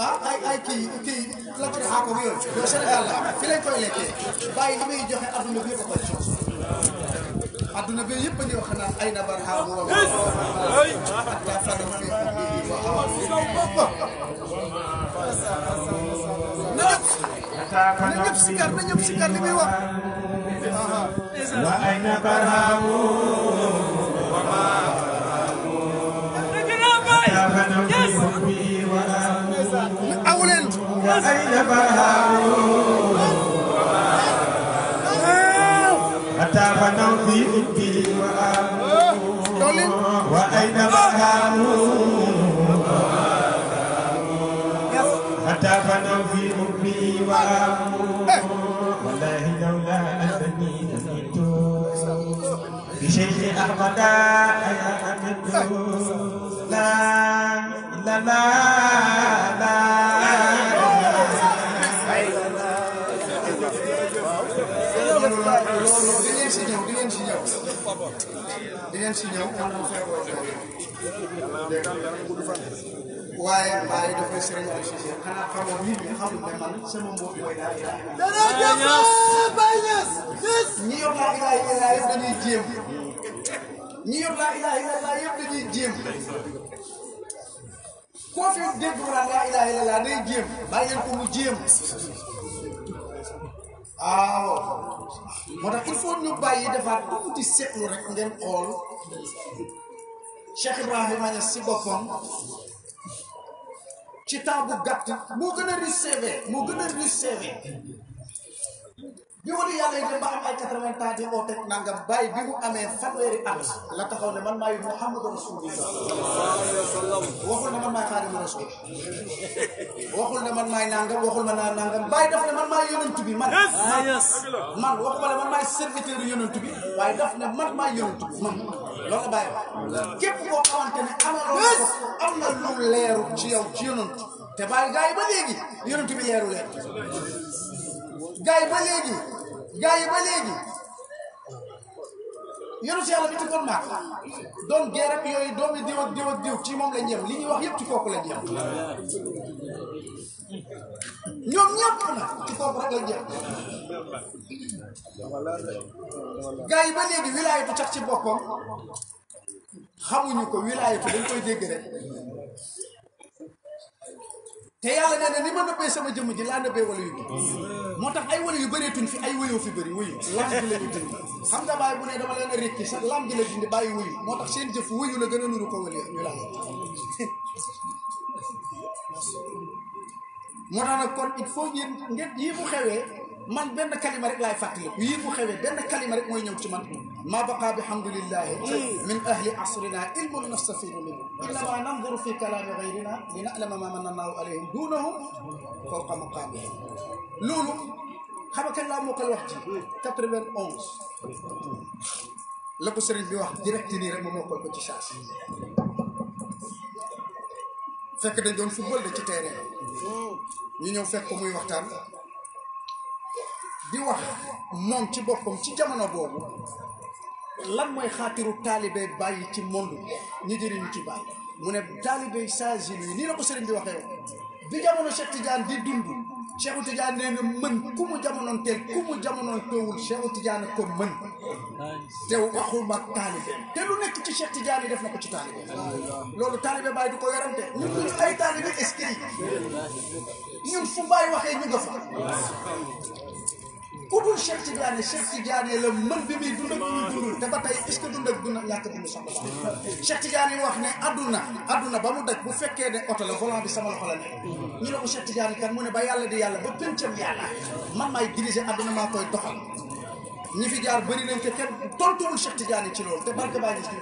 ah ay ay kii kii la ko def àqu yooyu loolu Sénégal la fi lañ koy lekkee bàyyi li muy joxe adduna bi yëpp a koy jox adduna bi yëpp a ñëw xanaa ay na bar xaamu wa ak ta fada fi na ñëpp sikar na ñëpp sikar li muy wax wa ay na bar xaamu أين برهان متى فنوا في إبتي وأين برهان متى فنوا في أمي وأمو والله لولا أنني أمنت بشيخ أحمد أنا أمنت لا لا لا di ngeen si ñëw man ma fay woo waaye maa ngi def sëriñ bi si si xanaa xamoon nit ñi xamul ne man sama mbokk mooy daal laa ilaaha illallaah yëpp dañuy jéem. ñi ko mu jéem. Ah, waaw moo tax il faut ñu bàyyi defaat tuuti seetlu rek ngeen xool Cheikh Ibrahima Niass si boppam ci temps gàtt moo gën a riche CV moo gën a riche bi mu di yàlla yi dem ba am ay quatre-vingts bi mu amee fanweeri at la taxaw ne man maay Muhammadu Rasulullah waxul ne man maay Xaadimu Rasul waxul ne man maay nangam waxul ma naa nangam bàyyi daf ne man maay yonent bi man man waxuma ne man maay serviteur yonent bi waaye daf ne man maay yonent bi man loolu la bàyyi wax képp koo xamante ne amaloo ko am na lu leeru ci yow ci yonent te bàyyi gars yi ba léegi yonent bi leeru leen gars yi ba léegi gars yi ba léegi yéen si yàlla bi ci kon maak doon gerte ak yooyu doom yi diw ak diw ci moom la ñeem li ñuy wax yëpp ci kooku la ñeem ñoom yi ba léegi wilaayatu cax ci boppam xamuñu ko wilaayatu dañ koy dégg rek. te yàlla nee na ni ma nëbbee sama jëmm ji laa nëbbee wala yu bi moo tax ay wala yu bëreetuñ fi ay wëyoo fi bëri wuyu lam ji la ñu dindi xam nga bàyyi bu ne dama leen a rékki sax lam ji la dindi bàyyi wuyu moo tax seen jëf wuyu la gën a nuru ko wala moo tax nag kon il faut ngeen ngeen yii mu xewee man benn kalima rek laay fàttaliku yii bu xewee benn kalima rek mooy ñëw ci man ma baqa bi hamdulillahi min ahli asrina ilmun nastafiru minhu innama nanduru fi kalami gayrina li na'lama ma manna allahu alayhim dunahum fawqa maqamihim loolu xam nga kan laa moo koy wax ci 91 la ko sëriñ bi wax direct nii rek ma mokkal ko ci saas fekk dañ doon football de ci terrain ñu ñëw fekk ko muy waxtaan di wax moom ci boppam ci jamono boobu lan mooy xaatiru taalibe bàyyi ci monde ñi jëriñu ci bàyyi mu ne taalibe saagin yi nii la ko sëriñ bi waxee bi jamono Cheikh Tidiane di dund Cheikh Tidiane nee na mën ku mu jamonoon teel ku mu jamonoon teewul Cheikh Tidiane ko mën te waxuma taalibe te lu nekk ci Cheikh Tidiane def na ko ci taalibe loolu taalibe bàyyi du ko yorante ñun duñu ay taalibe escrit ñun fu bàyyi waxee ñu nga ku dul Cheikh Tidiane Cheikh Tidiane la mën bi muy dund ak muy dundul te ba tey est-ce que dund ak dund ak ñàkk dund soxla Cheikh Tidiane wax ne adduna adduna ba mu daj bu fekkee ne oto la volant bi sama loxo la ne ñu ne ko Cheikh Tidiane kan mu ne ba yàlla di yàlla ba pëncam yàlla man maay diriger adduna maa koy doxal ñi fi jaar bëri nañ te kenn tontuwul Cheikh Tidiane ci loolu te barke baa ngi ci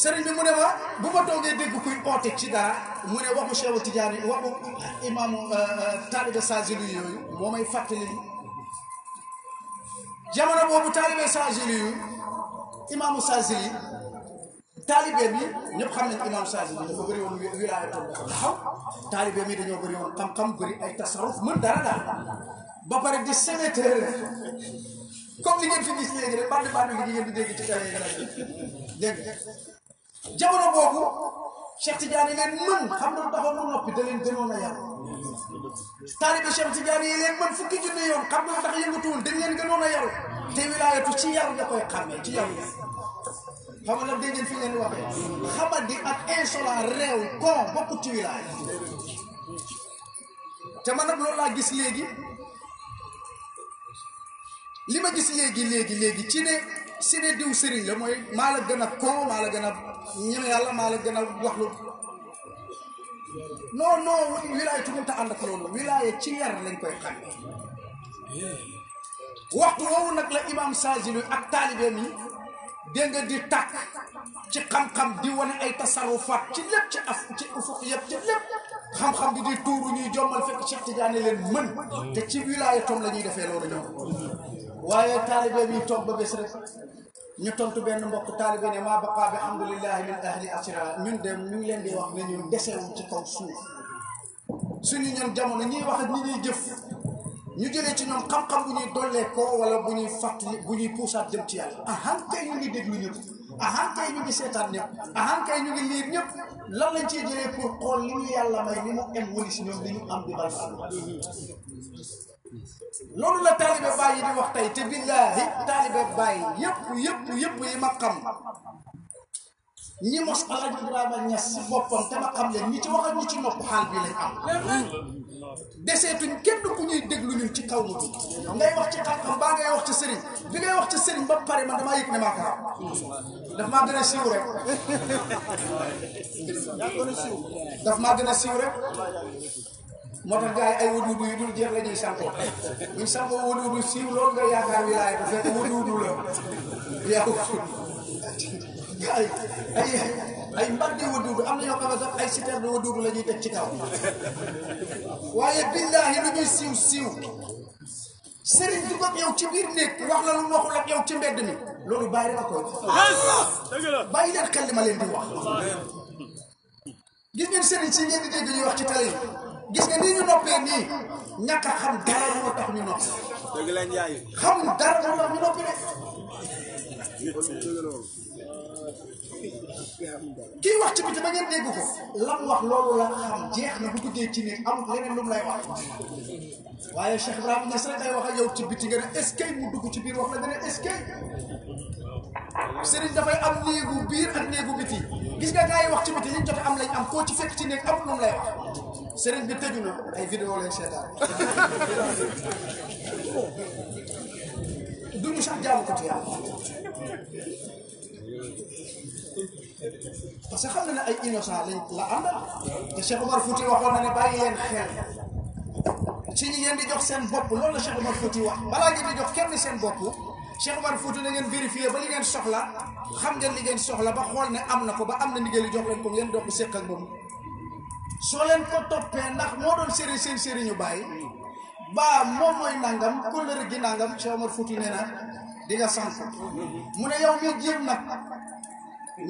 sëriñ bi mu ne ma bu ma toogee dégg kuy oote ci dara mu ne waxu Cheikhu Tidiane waxu imaamu euh, euh, taalibe Saajili yooyu moo may fàttali jamono boobu taalibe Saajili yu imaamu Saajili taalibe bi ñëpp xam nañ imaamu Saajili dafa bëri woon wilaaya taxaw taalibe mi dañoo bëri woon xam-xam bëri ay tasaruf mën dara daal ba pare di sénéteur comme li ngeen fi gis léegi rek bandi bandi li ngeen di dégg ci télé yi dégg jamono boobu Cheikh Tidiane leen mën xam nga taxaw mu noppi da leen gënoon a yar taalibe Cheikh Tidiane yi leen mën fukki junne yoon xam nga tax yëngatuwul dañ leen gënoon a yaru te wilaayatu ci yar nga koy xàmmee ci yaru xam ne nag dégg ngeen fi leen waxee xamadi ak insolent réew kon bokk ci wilaay te man nag loolu laa gis léegi li ma gis léegi léegi léegi ci ne si ne diw sëriñ la mooy maa la gën a koo maa la gën a ñeme yàlla maa la gën a wax lu non non wilaaya tu mënta ànd ak loolu wilaaya ci yar lañ koy xam waxtu woowu nag la imam Saazili ak taalibeem yi dégg nga di tàkk ci xam-xam di wane ay tasarufaat ci lépp ci af ci ufuq yëpp ci lépp xam-xam bi di tuuru ñuy jommal fekk Cheikh Tidiane leen mën te ci wilaaya tom la ñuy defee loolu ñoom waaye taalibeem yi toog ba bés rek ñu tontu benn mbokk taalibe ne maa baqaa bi alhamdulillahi min ahli asira ñun de ñu ngi leen di wax ne ñun desewu ci kaw suuf suñu ñoom jamono ñuy wax ak ñi ñuy jëf ñu jëlee ci ñoom xam-xam bu ñuy dollee ko wala bu ñuy fàttali bu ñuy puusaat jëm ci yàlla ahan kay ñu ngi déglu ñu ahan kay ñu ngi seetaan ñëpp ahan kay ñu ngi liir ñëpp lan lañ ciy jëlee pour xool li ñu yàlla may li mu em wëli si ñoom li ñu am di bal loolu la taalibe Baay yi di wax tey te billaahi taalibe Baay yëpp yëpp yëpp yi ma xam ñi mos Alaaji Ibrahima Ñas si boppam te ma xam leen ñi ci wax ak ci nopp xaal bi lañ am deseetuñ kenn ku ñuy déglu ñun ci kaw bi ngay wax ci xam-xam baa ngay wax ci sëriñ bi ngay wax ci sëriñ ba pare man damaa yëg ne maa ko xam daf maa gën a siiw rek daf maa rek moo tax gars yi ay wudu wudu yu dul jeex la ñuy sampo buñ sampo wudu wudu siiw loolu nga yaakaar wilaaya bu fekk wudu ay ay di wudu wudu am na ñoo xam ne sax ay sitaire de wudu wudu la ñuy teg ci kaw waaye billaahi lu ñuy siiw siiw ci biir néeg wax la lu waxul ak yow ci mbedd mi loolu bàyyi rek a koy bàyyi leen xel li ma leen di wax gis ngeen sëriñ si ngeen di dégg ñuy wax ci télé gis nga nii ñu noppee nii ñàkk a xam dara moo tax ñu noppi. dëgg xam dara moo tax ñu noppi de. kii wax ci biti ba ngeen dégg ko. lan wax loolu la xam jeex na bu duggee ci ne am leneen lu mu lay wax. waaye Cheikh Ibrahima Niass rek day biti nga ne ce que mu dugg ci biir ce que Serigne dafay am néegu biir ak néegu biti gis nga gars wax ci biti liñ jot am lañ am koo ci fekk ci néeg amul lu lay wax. sëriñ bi tëju na ay vidéo lay seetaan duñu sax jaamu ko ci yàlla parce que xam na ne ay innocent lañ la àndal te Cheikh Omar Fouti waxoon na ne bàyyi leen xel si ñi ngeen di jox seen bopp loolu la Cheikh Omar wax balaa ngeen di jox kenn seen bopp Cheikh Omar Fouti na ngeen vérifié ba li ngeen soxla xam ngeen li ngeen soxla ba xool ne am na ko ba am na ndigal li jox leen ko ngeen doog ko séq ak moom soo leen ko toppee ndax moo doon sëriñ seen sëriñu bàyyi baa moom mooy nangam kóllëre gi nàngam Cheikh Omar Fouti nee na di nga sant mu ne yow mi jéem nag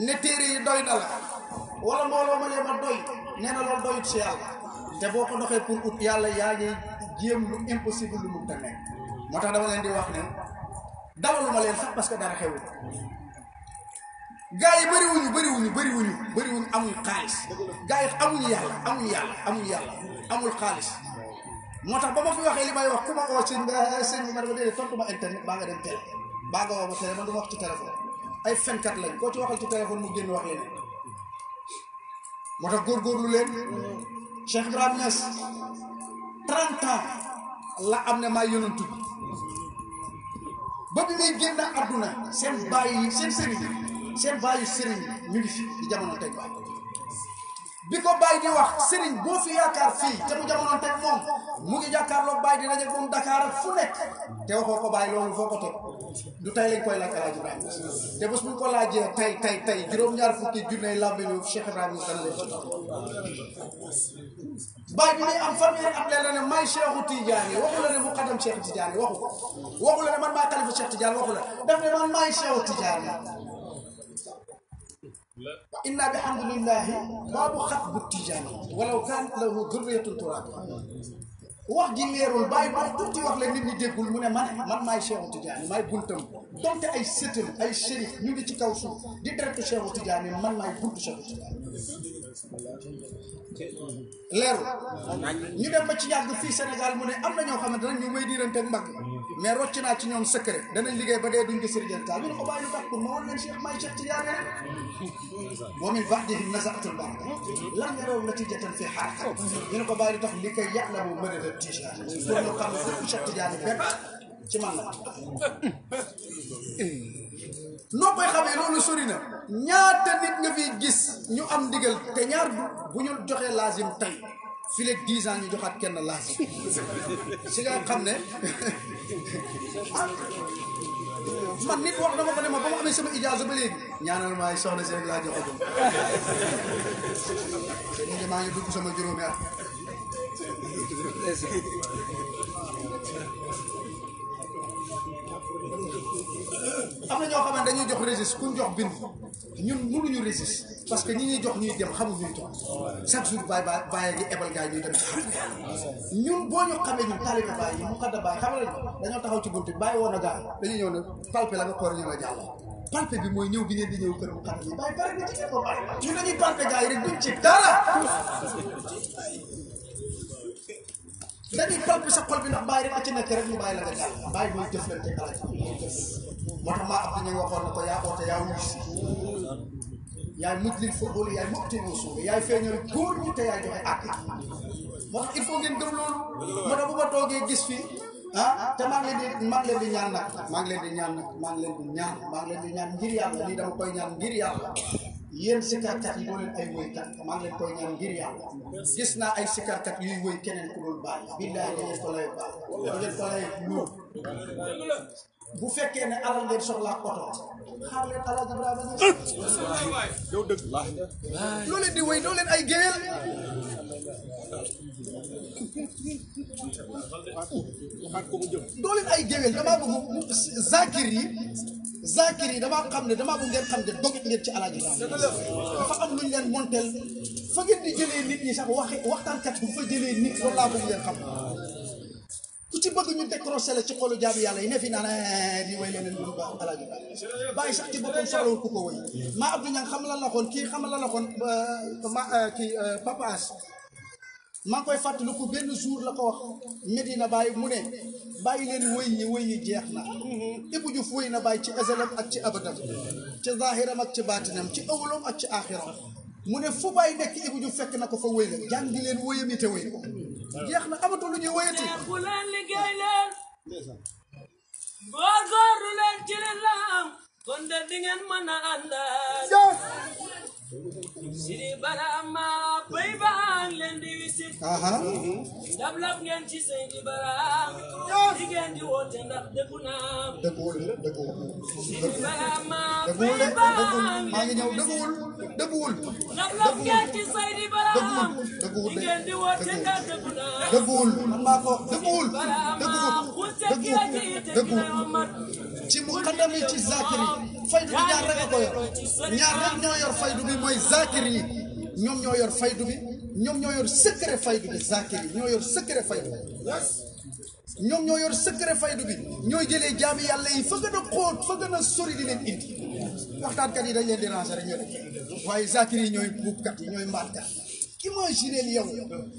ne téere yi doy na la wala mbooloo ma yema doy nee na loolu doyut si yàlla te boo ko doxee pour ut yàlla yaa ngi jéem lu impossible lu mu te nekk moo tax dama leen di wax ne dawaluma leen sax parce que dara xewul gaa yi bëri wuñu bëri wuñu bëri wuñu bëri wuñu amuñ xaalis gaa yi amuñu yàlla amuñu yàlla amuñu yàlla amul xaalis moo tax ba ma fi waxee li may wax ku ma oo sëñ eh, ba sëñ bi ma dama déedéet tontu ma internet baa nga dem télé baa nga woo ma télé man du ma wax ci téléphone ay fenkat lañ koo ci waxal ci téléphone mu génn wax leen moo tax góorgóorlu leen Cheikh Ibrahima Niass 30 ans la am ne maa yonantu bi ba bi ngay génn àdduna seen bàyyi seen sëriñ seen baayu sëriñ ñu ngi fi di jamono teg baay bi ko baay di wax sëriñ boo fi yaakaar fii te mu jamono teg moom mu ngi jàkkaarloo baay di rajo moom Dakar ak fu nekk te waxoo ko baay loolu foo ko teg du tey lañ koy laaj Alaaji Ibrahima te bés bu ñu ko laajee tey tey tey juróom-ñaar fukki junney làmbi ñu Cheikh Ibrahima dana leen la bi muy am fanweeri at leen ne may Cheikhu Tidiane waxu la ne mu xadam Cheikh Tidiane waxu ko waxu la ne man maa xalifa Cheikh Tidiane waxu إلا بحمد الله باب خطب التجاني ولو كانت له ذرية ترابها wax ji leerul bàyyi ba tuuti wax la nit ñi déggul mu ne man man maay Cheikhu Tidiane maay buntam donte ay sëtam ay shérif ñu ngi ci kaw suuf di deretu Cheikhu Tidiane man maay buntu Cheikhu Tidiane leerul ñu dem ba ci yàgg fii Sénégal mu ne am na ñoo xamante ne ñoo wéy diirante ak mbagg mais ci ñoom secret danañ liggéey ba dee duñ gis résultat ñu ne ko bàyyi lu baax pour ma wan may ci yaakaar wa min ba'dihim naza'atul ba'd lam yaraw natijatan fi xaar ne ko bàyyi tax li koy yàq la bu mën a def Tijaan pour ñu xam ne Cheikh Tidiane bépp ci man la noo koy xamee loolu sori na ñaata nit nga fiy gis ñu am ndigal te ñaar bu ñu joxee laasim tey fii léegi dix ans ñu joxaat kenn laasim si nga xam ne man nit wax dama ko ne ba ma amee sama ijaaza ba léegi ñaanal maay soxna seen laa jox ko ñu ngi maa ngi dugg sama juróomi at am na ñoo xamante dañuy jox registre ku ñu jox bind ñun mënuñu registre parce que ñi ñuy jox ñuy dem xamuñu ñu toog chaque jour bàyyi boo ñu xamee ñun taalibe a yi mu xadda baay xam nga dañoo taxaw ci bunt baay bàyyi woon a gars dañuy ñëw ne palpe la nga koor ñu la jàll palpe bi mooy ñëw gi ngeen di ñëw kër mu xam yi bàyyi pare nga palpe gars rek duñ ci dara dañuy topp sa xol bi ndax bàyyi rek a ci nekk rek ñu bàyyi la nga jàll bàyyi mooy jëflante alal moo tax maa am nañu waxoon na ko yaa oote yaay mujj li fa yaay mujj tegu suuf yaay feeñal góor ñi te yaay joxe àq moo tax il faut ngeen gëm loolu moo tax bu ma toogee gis fii ah te maa ngi leen di leen ñaan nag maa ngi leen ñaan nag maa ngi leen di ñaan maa ngi ngir yàlla lii dama koy ñaan ngir yàlla yéen sikarkat yi doo leen ay woykat maa ngi leen koy ñaan ngir yàlla gis naa ay sikarkat yuy woy keneen ku dul bàyyi billahi da ngeen ko lay baax da ngeen ko lay luur bu fekkee ne alal ngeen soxlaa oto xaar leen alal Ibrahima yow dëgg loo leen di woy doo leen ay géwél doo leen ay géwél damaa bëgg zakir yi zakir yi damaa xam ne damaa bëgg ngeen xam ne dog ngeen ci alaaji dafa am lu ñu leen monteel fa ngeen di jëlee nit ñi sax waxi waxtaankat bu fa jëlee nit loolu laa bëgg ngeen xam ku ci bëgg ñu décroché la ci xolu jaabi yàlla yi ne fi naan eh, di way leneen lu ba alaaji bàyyi sax ci boppam soxlawul ku ko way maa Abdou Niang xam lan la xoon kii xam lan la xoon euh, ma euh, kii euh, papaas maa ngi koy fàttaliku benn jour la ko wax Medina Baye mu ne bàyyi leen wëy yi wëy yi jeex na Ibou Diouf wëy na bàyyi ci azalam ak ci abadam ci zahiram ak ci baatinam ci awlam ak ci aaxiram mu ne fu Baye nekk Ibou Diouf fekk na ko fa wëy la jàngi leen wëyam yi te wëy ko jeex na amatu lu ñuy wëyati góorgóorlu leen ci lislaam kon de di ma mën a àndal Sidi Barama bay baan leen di wisit ndab lab ngeen ci Seydi Barama di ngeen di woote ndax maa ngi ñëw dëgguwul dëgguwul ndab lab ngeen ci Seydi Barama di ngeen di woote ndax dëggu naa dëgguwul man maa ko dëgguwul dëgguwul ci muqaddam ci Zakir yi faydu bi ñaar rek a ko yor ñaar rek ñoo mooy zakir yi ñoom ñoo yor faydu bi ñoom ñoo yor secret faydu bi zakir yi ñoo yor secret faydu bi ñoom ñoo yor secret faydu bi ñooy jëlee jaami yàlla yi fa gën a xóot fa gën a sori di leen indi waxtaankat yi dañ leen déranger rek ñu rek waaye zakir yi ñooy buubkat yi ñooy mbaatkat imagineel yow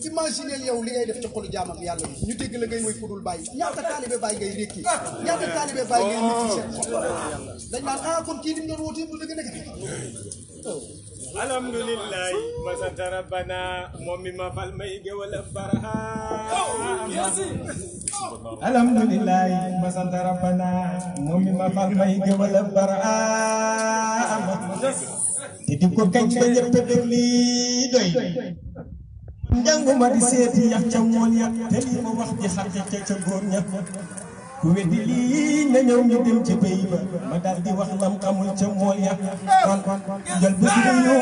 imagineel yow li ngay def ci xolu jaamam yàlla bi ñu dégg la ngay woy kudul bàyyi ñaata taalibe bàyyi ngay rékki ñaata taalibe bàyyi ngay oh. dañ naan ah kon kii ni mu doon woote bu dëgg nekk alhamdulillahi ma sant rabbana moom mi ma ma sant rabbana moom mi kañ ba ñëpp lii doy njànguma di seeti yax ca mool ya te wax di xar ca ca góor ña ku weddi lii na ñëw ñu dem ci béy ba ma daal di wax lam xamul ca mool ya kon jël bu suñu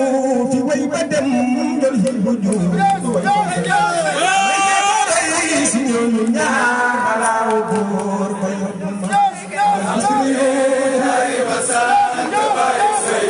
fi way ba dem jël xel bu juum way ba dem si ñooñu ñaar balaaw buur ko yóbbu ma jël suñu ay ba sa ba ay say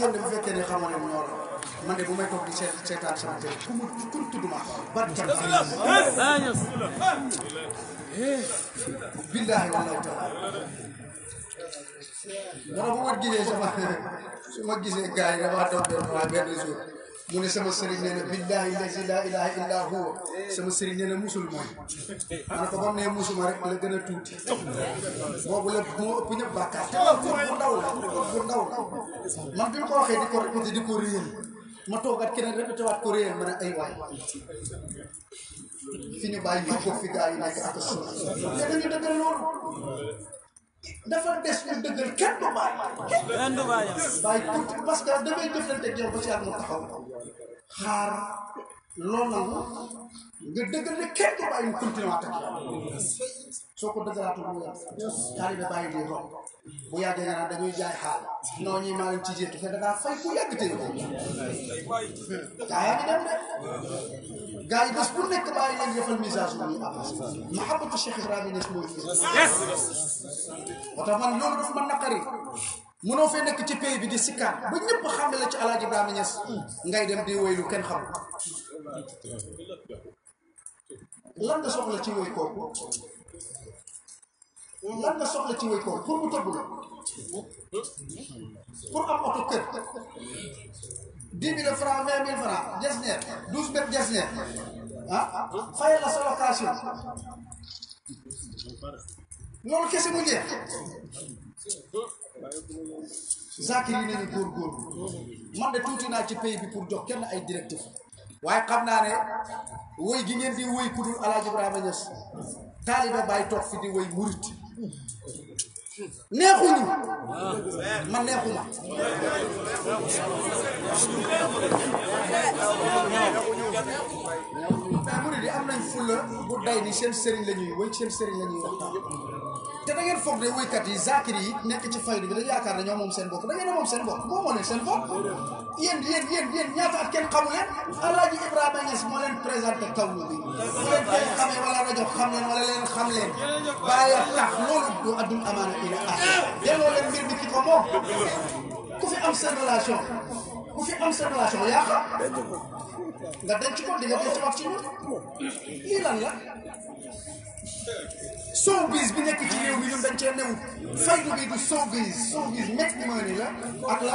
yéen de bu fekkee ne xamoo leen ñoo la man de bu may toog di seet seetaan sama télé ku mu ku a tudd ma barke billaahi wallaahi taala dara bu ma gisee sama su ma gisee gars yi damaa toog benn waa benn mu ne sama sëriñ nee na billahi lazi laa huwa sama sëriñ nee na musul moom mu ne ko bam ne musuma rek la gën a tuuti boobu la moo ëpp ñëpp ba bu ndaw la bu ndaw bi ko waxee di ko répété di ko réer ma toogaat keneen répété waat ko réer ma ne ay waay fi ñu bàyyi ko fi gaa yi nekk ak suuf léegi ñu dëggal loolu dafa des ñu dëggal kenn du baay. kenn du baay. bàyyi parce que damay jëflante ak yow ba ci at mu taxaw xaar. loolu la nga dëggal ne kenn ku bàyyi mu continué waat soo ko dëggalaatu bu yàgg xaar yi bàyyi di romb bu yàggee nga naan dañuy jaay xaal non ñi maa leen ci jiitu te da ngaa fay ku yàgg tey jii gaa yaa ngi dem de gaa yi bés bu nekk bàyyi leen defal message bu ñuy avancé mahabatu Cheikh Ibrahima Niass mooy. moo tax man loolu mënoo fee nekk ci pays bi di sikkaan ba ñëpp xam la ci alaaji Ibrahima Niass ngay dem di woy lu kenn xamul lan nga soxla ci woy kooku lan nga soxla ci woy kooku pour mu tëbb la pour am oto kër dix mille francs vingt mille francs jasneer douze mètres jasneer ah, ah la sa location loolu kese mu jeex zakir yi nañu góorgóorlu man de tuuti naa ci pays bi pour jox kenn ay directif waaye xam naa ne woy gi ngeen di woy ku dul Alaaji Ibrahima Niass taaliba bàyyi toog fi man neexuma murit yi am nañ fulla bu day ni seen sëriñ la ñuy woy seen sëriñ la waxtaan te da ngeen foog ne woykat yi zakir yi nekk ci faydu bi dañu yaakaar ne ñoo moom seen bopp da ngeen ne moom seen bopp moom moo leen seen bopp yéen yéen yéen yéen ñaata at kenn xamu leen alaaji Ibrahima Niass moo leen présenté kawlu bi bu leen koy xamee wala rajo xam leen wala leen xam leen bàyyi tax loolu du addul amaana ila ah delloo leen mbir bi ki ko moom ku fi am seen relation ku fi am seen relation yaa xam nga denc ko di nga denc wax ci ñun lii lan la showbiz bi nekk ci réew mi ñun dañ cee new faydu bi du showbiz showbiz métti maani la ak la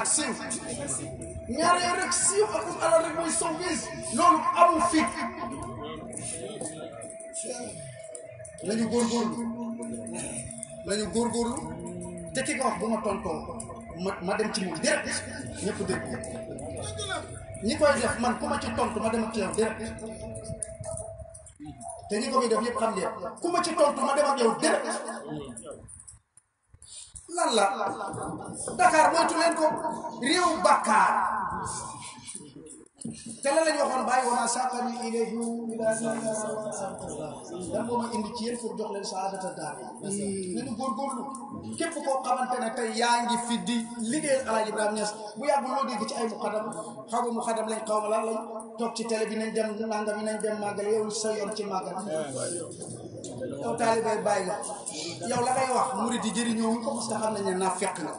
ak siiw ñaar yooyu rek siiw ak alal rek mooy showbiz loolu amul fit lañu góorgóorlu lañu góorgóorlu te ki nga wax bu ma tontoo ma ma dem ci moom direct ñëpp dégg ñi koy def man ku ma ci tontu ma dem ci yow direct la ñi ko fi def yëpp xam ngeen ma ci tontu ma dem ak yow dégg lan la Dakar moytu leen ko réew bàkkaar te lan la ñu waxoon bàyyi wa maa saqani ilayhim ila ma indi ci yéen pour jox leen saadata daar hmm. nañu góorgóorlu képp koo xamante ne tey yaa ngi fi di bi Alaaji Ibrahima Niass bu yàgg loo dégg ci ay muqaddam xaw ma muqaddam lañ xaw ma lan lañ toog ci télé bi nañ dem nangam yi nañ dem màggal yow sa yoon ci màggal hmm. yow taalibay bàyyi la yow la ngay wax murid yi jëriñoo te nañ naa fekk nga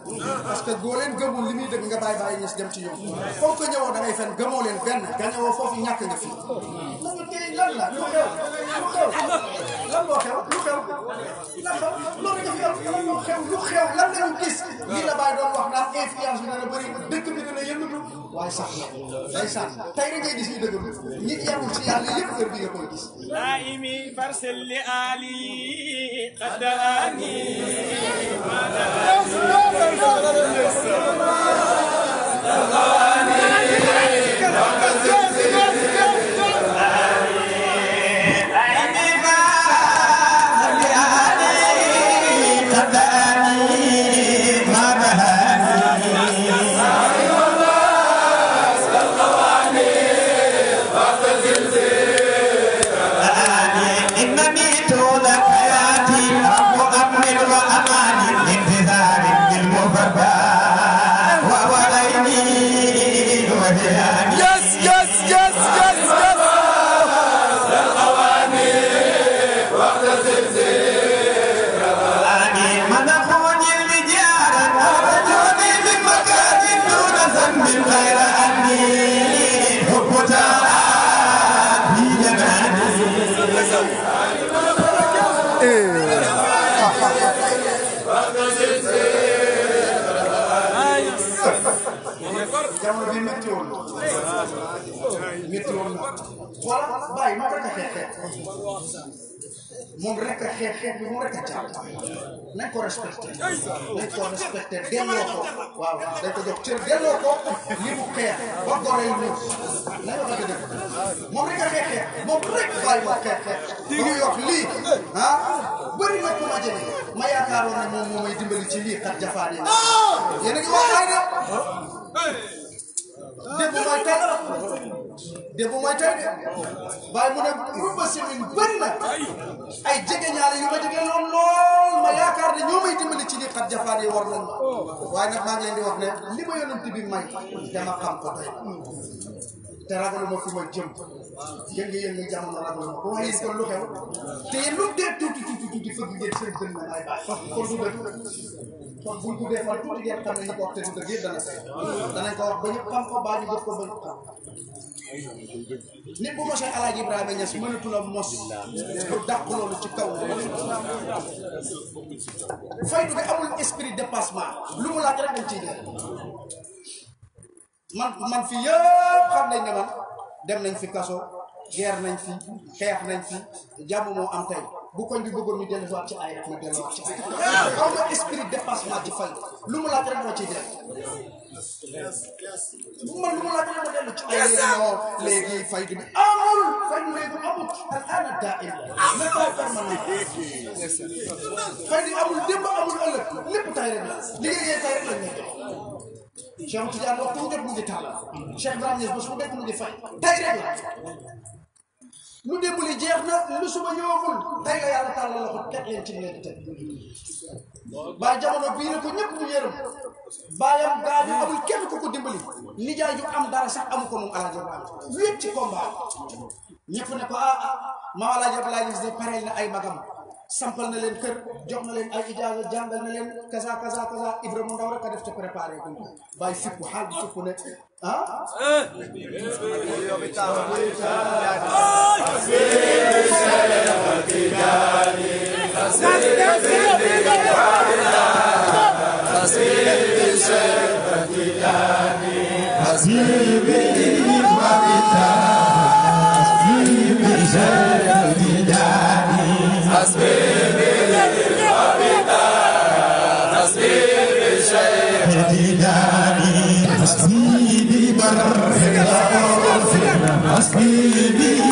parce que leen gëmul li muy dëgg nga bàyyi bàyyi ñes dem ci ñoom da ngay fen gëmoo la lu xew lu xew lan moo xew lu xew lan loolu nga fi am lu xew lu la bàyyi doon wax naan influence bi dana bëri dëkk bi dana yëngatu waaye sax na day sax tey da ngay gis ñu dëgg ñi yàggul ci yàlla yëpp heure bi nga koy gis لي قداني مداني moom rek a xeex xeex bi moom rek a caal nañ ko respecté nañ ko respecté delloo ko waaw dañ ko jox cër delloo ko li mu xeex ba goree ñu nañ ko dëgg moom rek a xeex xeex moom rek bàyyi ma xeex xeex ñu yokk lii ah bëri na ku ma jëlee ma yaakaaroon ne moom moo may dimbali ci lii xat jafaan yi ah! yéen a ngi wax ay de dégg mooy tey démb mooy tey de waaye mu ne groupe ba semaine bëri na ay jege ñaare yu ma jege lool lool ma yaakaar ne ñoo may dimbali ci li xat jafaan yi war nañ waaye ne xam na ay baax kon du dëgg kon buñ ko defal tuuti ne ñu ko wax te du dëgg yëpp danañ ko wax ba ñëpp xam ko baa ñu jot ko ba nit bu mosee alaaji ibrahima ñas mënatu la mos pour dàq loolu ci kaw faydu bi amul esprit dépassement lu mu laaj rek dañ ciy ñëw man man fi yëpp xam kan nañ ne man dem nañ fi kaso guerre nañ fi xeex nañ fi jàmm moo am tey bu koñ di bëggoon ñu delluwaat ci ay rek ci ay xaw ma esprit dépassement ci lu mu laaj rek moo ciy ma lu mu laaj rek ma dellu ci ay non léegi fay gi amul fay gi léegi amul alxaana daa im mais pas permanent fay gi amul démb amul ëllëg lépp tay rek la liggéeyee tay rek la nekk Cheikh Tidiane waxtu mu jot mu ngi taal Cheikh Ibrahima Niass ba su nekk mu ngi fay lu démb li jeex na lu suba ñëwagul tey la yàlla tàllal loxo teg leen ci nekk teg ba jamono bii la ko ñëpp ñu yërëm baayam gaañu amul kenn ku ko dimbali nijaay ju am dara sax amu ko moom alaaji Abdoulaye wéet ci combat ñëpp ne ko ah ah, ah maam alaaji Abdoulaye Niass de pareel na ay magam sampal na leen kër jox na leen ay ijaaza jàngal na leen kasa kasa kasa Ibrahima Ndaw rek a def ca préparé ko bàyyi fippu xaal bi fippu ne Hã? Hasbi أسلم أسلم أسلم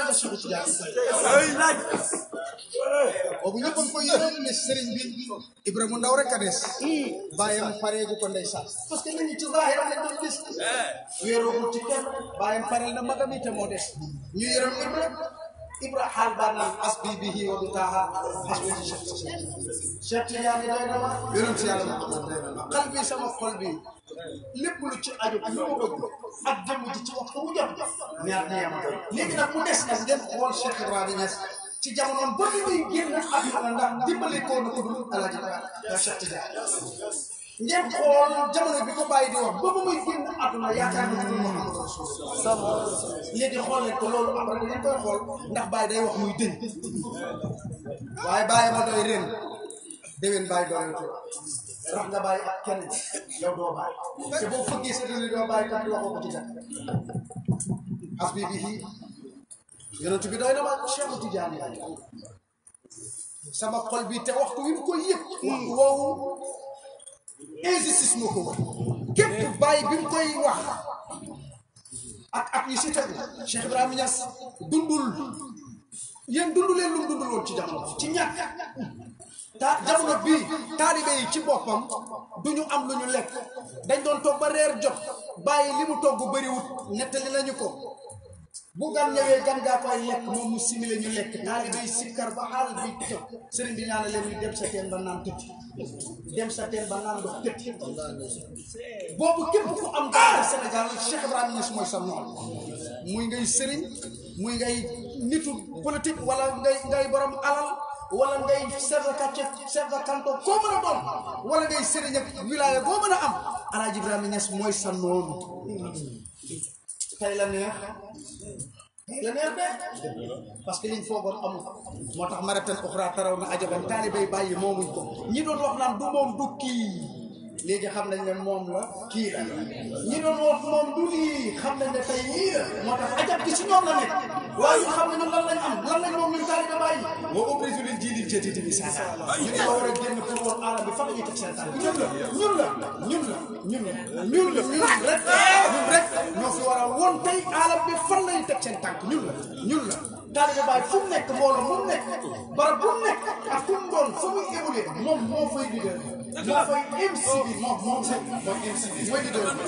daal Cheikh Tidiane boobu ñëpp a ko yoroon ne sëriñ bi Ibrahima Ndaw rek a des bàyyam pareegu ko ndeysaan parce que nit ñi ci zaahiram lañ doon gis wéeroogul ci kenn bàyyam pareel na magam yi te moo des Ibra Ibra xaal baa naan wa bi taaxa as bii ci Cheikh Tidiane bi sama xol lépp lu ci aju lu ma bëgg ak jëmm ji ci waxtu mu jot ñaar na yam léegi nag mu des nag def xool Cheikh Ibrahima Niass ci jamonoom ba muy génn àdduna ndax dimbale koo na ko dul alaji da Cheikh Tidiane bi ko ba ba muy génn àdduna yaakaar na ko loolu am rek ndax bàyyi day wax muy dëñ waaye bàyyi ma doy ren déwén bàyyi doy sax nga bàyyi ak kenn yow doo bàyyi te boo fëggee sa dund doo bàyyi tax waxoo ko ci jàkk as bi bii yonent bi doy na ma Cheikh Tidiane sama xol bi te wax ko wi mu ko yëg waxtu woowu injustice moo ko wax képp bàyyi bi wax ak ak yi si tegu Cheikh Ibrahima Niass dundul yéen dunduleen dundul woon ci jamono ci ñàkk taa jamono bii taalibe yi ci boppam du ñu am lu ñu lekk dañ doon toog ba reer jot bàyyi li mu togg bëriwut nettali nañu ko bu gan ñëwee gan gaa koy lekk moom mu simile ñu lekk taalibe yi sikkar ba àll bi tëj sëriñ bi ñaana leen dem sa teen ba naan tëj dem sa teen ba naan dox tëj boobu képp ku am daal Sénégal Cheikh Ibrahima Niass mooy sa noon muy ngay sëriñ muy ngay nitu politique wala ngay ngay borom alal wala ngay chef de quartier chef de koo mën a doon wala ngay sëriñ ak boo mën a am Alaaji Ibrahima Niass mooy sa noonu tey la neex la neex de parce que liñ foogoon amul moo tax maratan uxra taraw na ajaban taalibay bàyyi moomuñ ko ñi doon wax du moom du léegi xam nañ ne moom la kii la ñi doon wax moom du lii xam nañ ne tey ñii la moo tax si ñoom la nekk waaye xam ne ñun lan lañ am lan lañ moom ñun taalibe bàyyi wa ubrizu lil jiilil jadiidi yi ñu ne war a génn pour woon alam bi fan la ñuy teg seen tànk ñun la ñun la ñun la ñun la ñun la ñun rek ñun rek ñoo fi war a woon tey alam bi fan la ñuy teg seen tànk ñun la ñun la taalibe Baay fu mu nekk mbooloo mu nekk barab bu mu nekk ak fu mu doon fu muy évolué moom dafay MC bi moom moom sëñ bi mooy MC bi mooy di doon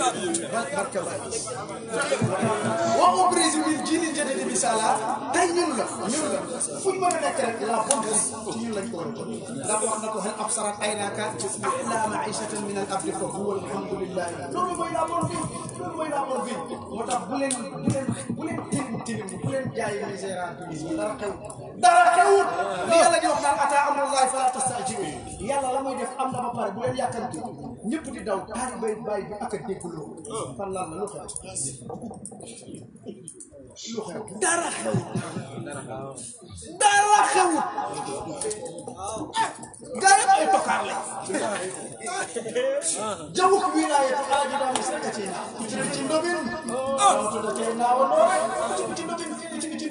barka laay waxoo président bi ji nii jëndee bi sala tey ñun la ñun la fu ñu mën a nekk rek la bonne ci ñun lañ ko war a ndax wax na ko hal absarat aynaka ahla maishatan min al abdi fa huwa alhamdulillah loolu mooy la bonne vie loolu mooy la bonne vie moo tax bu leen bu leen bu leen tilim tilim bu leen jaay misère dara xew dara xewut li yàlla di wax naan ata amrullahi fala tastajibu yàlla la muy def am na Papa bu leen yàkkamti ñëpp di daw taalibay bàyyi bi ak a déggloo fan lan la lu xew lu xew dara xewut dara xewut dara ay tokaar la jawuk wilaaya to aaji daamu sakka ci naa ci ndobin ah, ci ndobin ci ndobin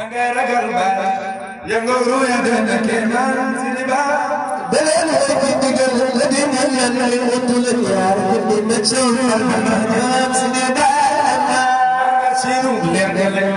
da ngay ragal baay yëngoo ruuya doon kéemaan si li baax beneen way bi digal la di mu mel ni wutu la ñaar yëpp ma ci almaanaam si li baax sinu leer nga lañu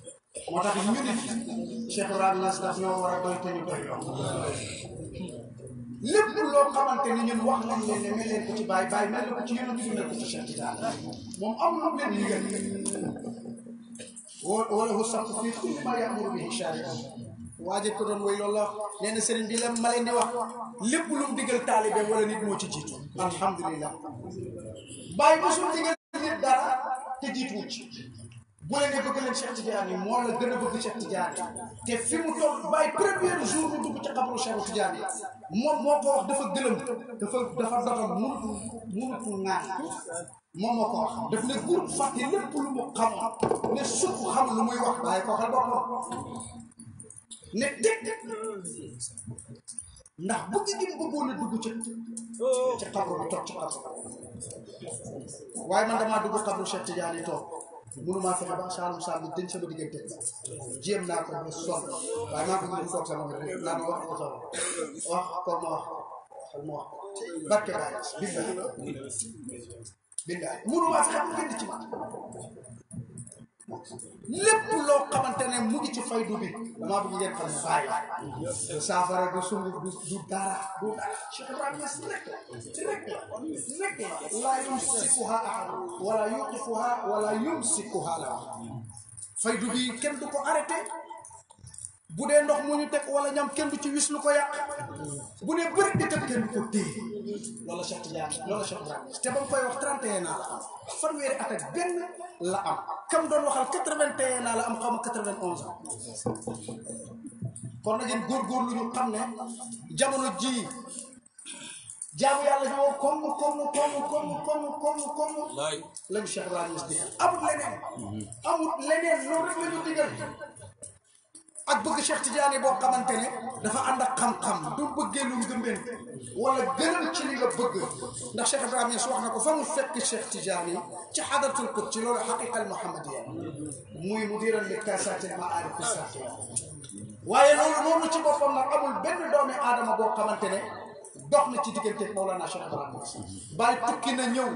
moo tax ñu ne Cheikh Ibrahima Niass daf ñoo war a doy te lépp loo xamante ni ñun wax nañ leen ne ci bàyyi bàyyi mel ko ci yéen a ci Cheikh Tidiane moom am na benn ndigal woo wala wu sax fii kulli ma yamuru bi ko doon woy loolu la nee na bi la ma leen wax lépp lu mu digal taalibe wala nit ci ci. bu leen ne bëgg leen Cheikh Tidiane moo la gën a bëgg Cheikh Tidiane te fi mu toog bàyyi premier jour mu dugg ci xabru Cheikh Tidiane moom moo ko wax dafa gëlëm dafa dafa dotal mënut mënut moo ko wax daf ne mu xam ne sukk xam lu muy wax bàyyi ko waxal boppam ne teg ndax bu gi gën bëggoon a dugg ci ci xabru bi toog ci xabru waaye man damaa dugg xabru Cheikh Tidiane yi toog mënumaa fexe ba Saalum Saalum dañ sama diggante jéem naa ko ba sonn ko toog sama mbir naan wax ko sama wax ko wax ko ma wax ko barke baay billaay billaay mënumaa fexe ba gën ci ma lépp loo xamante ne mu ngi ci faydu bi damaa bëgg ngeen xam saay saafara du sunguf du du dara du dara Cheikh la faydu bi kenn du ko bu dee ndox mu ñu teg wala ñam kenn du ci wis lu ko yàq bu dee bëri di teg kenn du ko téye loolu Cheikh Tidiane loolu Cheikh Ibrahima te ba mu koy wax la am fanweeri at ak benn la am kam doon waxal 81 ans la am xaw ma 91 ans kon xam ne jamono jii jaamu yàlla ñu woo koŋŋ koŋŋ koŋŋ leneen mhm. amul leneen loolu rek la ak bëgg Cheikh Tidiane boo xamante ne dafa ànd ak xam-xam du bëggee lu ngëmbeen wala gënal ci li nga bëgg ndax Cheikh Ibrahima su wax na ko fa mu fekk Cheikh Tidiane ci xadatul kut ci loolu xaqiqal muhammadiya muy mudiran li kaasaatil maarif waaye loolu noonu ci boppam nag amul benn doomi aadama boo xamante ne dox na ci diggante Mawlana Cheikh Ibrahima Baye tukki na ñëw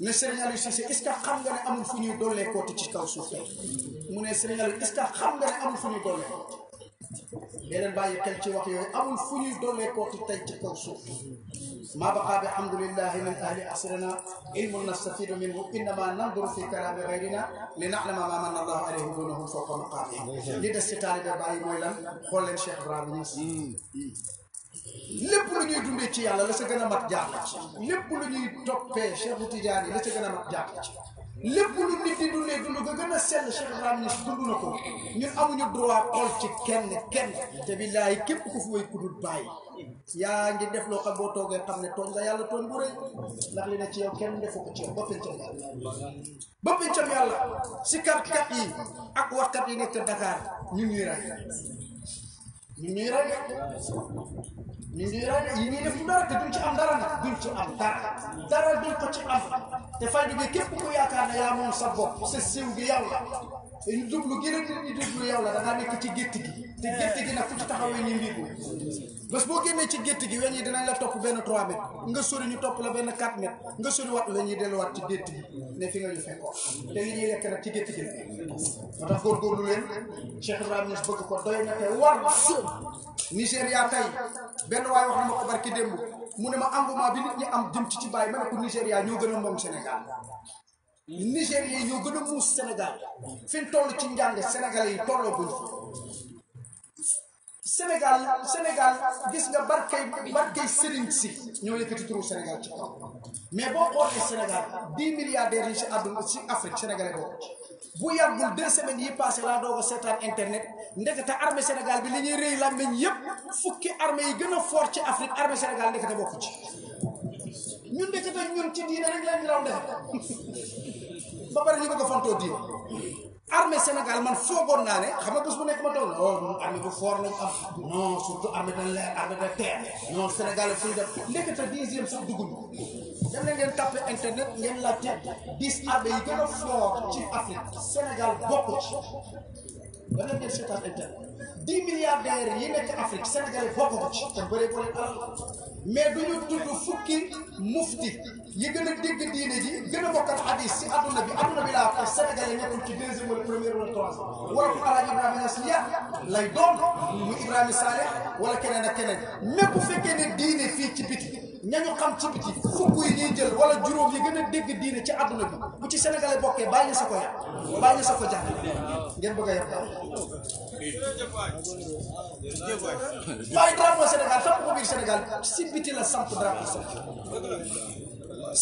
ne Serigne Aliou Cissé est ce que xam nga ne amul fu ñuy dollee kooti ci kaw suuf tey mu ne Serigne Aliou est ce que xam nga ne amul fu ñuy dollee beneen bàyyi xel ci wax yooyu amul fu ñuy dollee kooti tey ci kaw suuf ما بقى بحمد لله من أهل عصرنا علم نستفيد منه إنما ننظر في كلام غيرنا لنعلم ما من الله عليه دونه فوق مقامه لدى الستار بباي مويلم خولن شيخ إبراهيم lépp lu ñuy dundee ci yàlla la sa gën a mat jaar la ci lépp lu ñuy toppee Cheikh Tidiane yi la sa gën a mat jaar la ci lépp lu nit di dundee dund nga gën a sell Cheikh Ibrahima Niass dund na ko ñun amuñu droit xool ci kenn kenn te billaahi képp ku fi way kudul bàyyi yaa ngi def loo xam boo toogee xam ne toog nga yàlla toog bu rëy ndax li ne ci yow kenn defoo ko ci yow ba pencam yàlla ba pencam yàlla si karkat yi ak waxkat yi nekk Dakar ñu ñu ñuy rey ñu ngi yi ñuy def du dara te duñ ci am dara nag duñ ci am dara dara duñ ko ci am te fay bi képp ku yaakaar ne yaa moom sa bopp sa siiw gi yàlla ñu jublu gën a di jublu yow la da nekk ci gétt gi te gétt gi nag fu ci taxawee ñu mbiibu bés boo génnee ci gétt gi weñ yi dinañ la topp benn 3 mètres nga sori ñu topp la benn 4 mètres nga sori waat weñ yi delluwaat ci gétt gi ne fi nga ñu fekkoon te li ñuy lekk nag ci gétt gi la moo tax góorgóorlu leen Cheikh Ibrahima Niass bëgg ko doy na tey war su Nigéria tey benn waay wax na ma ko barki démb mu ne ma engouement bi nit ñi am jëm ci ci bàyyi ma ne ko Nigéria ñoo gën a moom Sénégal Nigériens ñoo gën a muus Sénégal fi ñu toll ci njàng Sénégalais yi tolloo ko Sénégal Sénégal gis nga barkay barkay Serigne si ñoo yëkkati turu Sénégal ci mais boo xoolee Sénégal dix milliardaires yi si àdduna si Afrique sénégalais boobu bu yàggul deux semaines yi passé laa doog a seetaan internet ndekete armée Sénégal bi li ñuy rëy làmmiñ yëpp fukki armée yi gën a fort ci Afrique armée Sénégal ndekete bokku ci ñun ndekete ñun ci diine rek lañ raw ba pare ñu bëgg a fantoo diine armée Sénégal man foogoon naa ne xam nga bés bu nekk ma toog non oh, non armée bu fort lañ am non surtout armée de l'air armée de terre non Sénégal fu ñu def ndekete dixième sax dugguñu dem na ngeen tapé internet ngeen laajte dix armée yi gën a fort ci Afrique Sénégal ba leen ngeen seetaan ay tel dix milliardaires yi nekk Afrique Sénégal bokk ko ci te bëree bëree alal mais du ñu tudd fukki mufti yi gën a dégg diine ji gën a bokkal hadis si adduna bi adduna bi laa ko Sénégal yi nekkul ci deuxième wala première wala troisième wala ku El Hadj Ibrahima Niass liya lay doon mu Ibrahima Saleh wala keneen ak keneen même bu fekkee ne diine fii ci biti. ñañu xam ci biti fukk yi ñuy jël wala juróom yi gën a dégg diine ci àdduna bi bu ci sénégalais bokkee bàyyi ñu sa ko yàq bàyyi ñu sa ko jàng ngeen bëgg a yàq bàyyi drapeau Sénégal fépp ko biir Sénégal si biti la samp drapeau Sénégal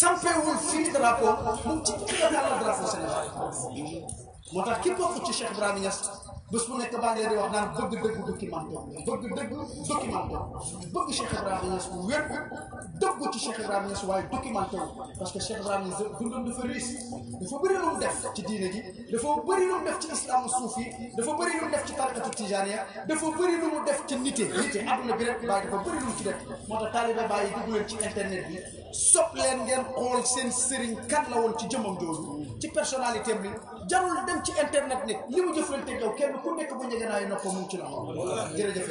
sampewul fii drapeau mu ci kii la drapeau moo tax ki bokk ci Cheikh Ibrahima Niass bés nekk baa ngeen di wax naan bëgg dëgg documenté bëgg dëgg documenté bëgg Cheikh Ibrahima bu wér dëggu ci Cheikh Ibrahima waaye documenté parce que Cheikh Ibrahima Niass dundam dafa riis dafa bëri lu mu def ci diine ji dafa bëri lu mu def ci islam suufi dafa bëri lu def ci tarkatu tijaniya dafa bëri lu mu def ci nite nite adduna bi rek baa dafa bëri lu ci def moo tax taaliba baa yi dugg ci internet bi sopp leen ngeen seen sëriñ kan la woon ci jëmmam jooju ci personnalité bi jarul dem ci internet nit li mu jëflante yow kenn ku nekk bu njëgën ay noppam mu ngi ci loxo jërëjëf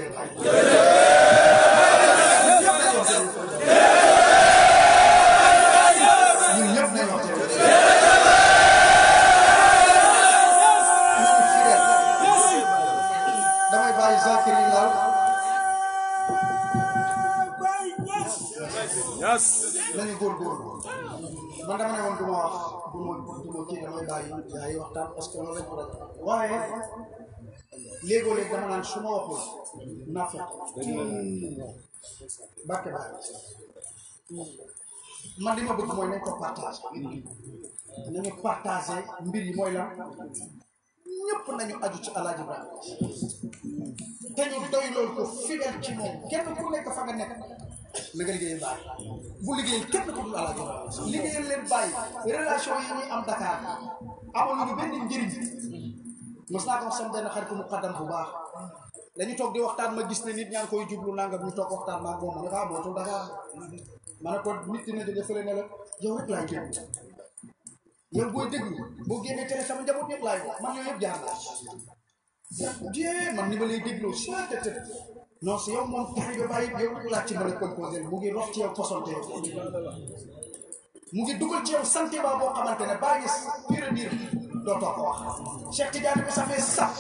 yes góor góorgóorlu man dama ne woon du ma wax du ma du ma kii damay bàyyi gars yi waxtaan parce a waaye léegoo léeg dama naan su waxul naa fekk man li ma bëgg mooy nañ ko partage nañu partagé mbir yi mooy lan ñëpp nañu aju ci alaaji Ibrahima te ñu doy loolu ko fidèle ci moom kenn ku nekk fa nga nekk na nga liggéey baax bu liggéey kenn ku dul alaaji liggéeyal leen bàyyi relation yi ñuy am Dakar amoon ñu benn njëriñ mos naa ko wax sama benn xarit mu xaddam bu baax dañu toog di waxtaan ma gis ne nit ñaa ngi koy jublu nangam ñu toog waxtaan maag moom ma ne ko ah bootul Dakar ma ne ko nit dina jóge fële ne la yow rek laay déglu yow booy déglu boo génnee télé sama njaboot yëpp laay wax man yooyu yëpp jaar naa. jee man ni ma lay dégloo si te non si yow moom tax nga bàyyi yow laaj ci mën a composé mu ngi rox ci yow posonte mu ngi dugal ci yow sentiment boo xamante ne baa gis pire biir dootoo ko wax Cheikh Tidiane bu safee saf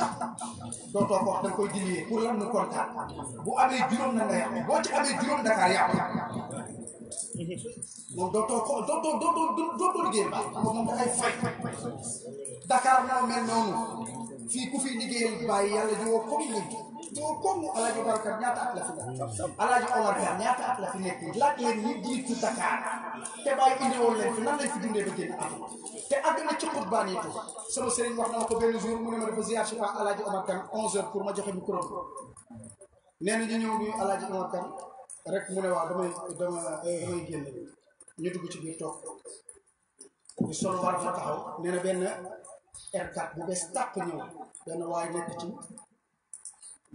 dootoo ko wax da nga koy dindi pour lan mu kontaan bu amee juróom na nga yàqu boo ci amee juróom Dakar yàqu moom dootoo ko dootoo dootoo dootoo liggéey ba moom da ngay fay Dakar moo mel noonu fii ku fi liggéeyal bàyyi yàlla jiwoo comme ñun jiwoo comme Alaaji Baraka ñaata at la fi nekk Alaaji Omar Kan ñaata at la fi nekk laaj leen ñi jiitu Dakar te fi nan ba génn te àddina ci xut baan itu sama sëriñ wax na ma ko benn jour mu ne ma dafa ziar si waa Alaaji Omar Kan onze heures pour ma joxe micro bi nee na ñu ñëw nuyu Alaaji Omar Kan rek mu ne waaw damay dama damay génn ñu dugg ci biir toog ñu sol war fa taxaw nee benn r bu bees tàq ñëw benn waay nekk ci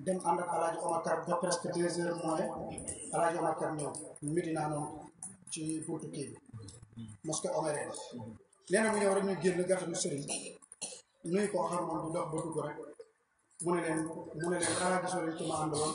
dem ànd ak El Hadj Omar Kar ba presque deux heures moins El Hadj Omar Kar ñëw Medina noonu ci buntu kii bi mosquée Omarienne nee na mu ñëw rek ñu génn gàtt ñu sëriñ nuyu koo xam moom du dox ba dugg rek mu ne leen mu ne leen xanaa gisoo leen ci ma ànd woon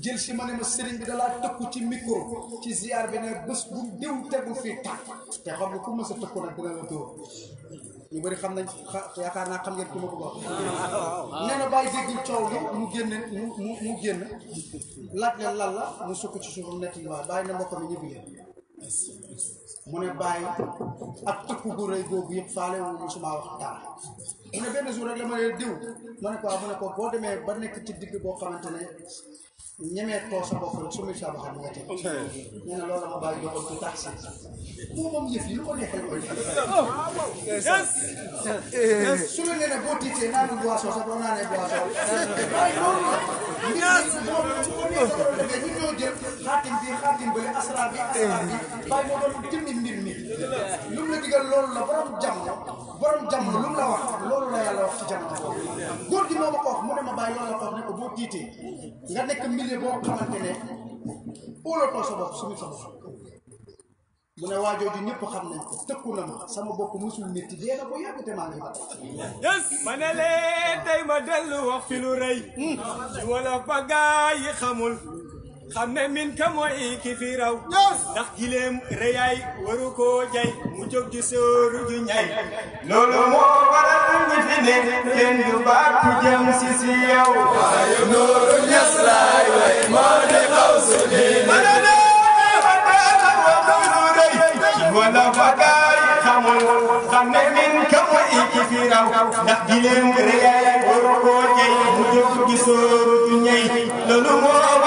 jël si ma ne ma sëriñ bi dalaa tëkku ci micro ci ziar bi ne bés bu diw tegul fii tànk te xam nga ku mës a tëkku nag dina la dóor ñu bari xam nañ yaakaar naa xam ngeen ku ma ko wax nee na bàyyi déggul coow li mu génne la mu sukk ci suufam nett yi na mbokk mi ñibbi leen mu ne bàyyi ak tëkku gu rëy googu yëpp faale wu mu suma wax dara mu ne benn jour rek la ma leen diw ma ne ko waaw ne ko boo demee ba nekk ci digg boo xamante ne ñemee koo sa bopp rek su muy saa xam nga teg ñu ne loolu ma bàyyi doxal ci taxi moo moom yëf yi lu ko nekkee koy su la nee ne boo tiitee naa ne boisson sax boo naa ne boisson waaye loolu la mais ñu ñoo jël xaatim bi xaatim bële asrar bi asrar bi bàyyi moo doon jëmmi mbir mi lu mu la digal loolu la borom jàmm borom jamono lu mu la wax loolu la yàlla wax ci jamono góor gi moo ma ko wax mu ne ma bàyyi la ko wax ne ko boo tiitee nga nekk milieu boo xamante ne óolatoo sa bopp suñu sa bopp mu ne waajoo ji ñëpp xam nañ ko tëkku na ma sama bopp musul métti dee na ko yàgg te maa ngi ba ma ne leen tey ma dellu wax fi lu rëy hmm. wala ba yi xamul xamme min ka mooy ki fi raw ndax gileem rëyaay waru koo jay mu jóg di sóoru ju ñay loolu moo waral ñi fi ne kenn du baat ku jëm si si yow waaye nooru ñas laay way moo ne xaw su ne wala fagaay xamul xam ne min ka mooy ki fi raw ndax gileem rëyaay waru koo jay mu jóg di sóoru ju ñay loolu moo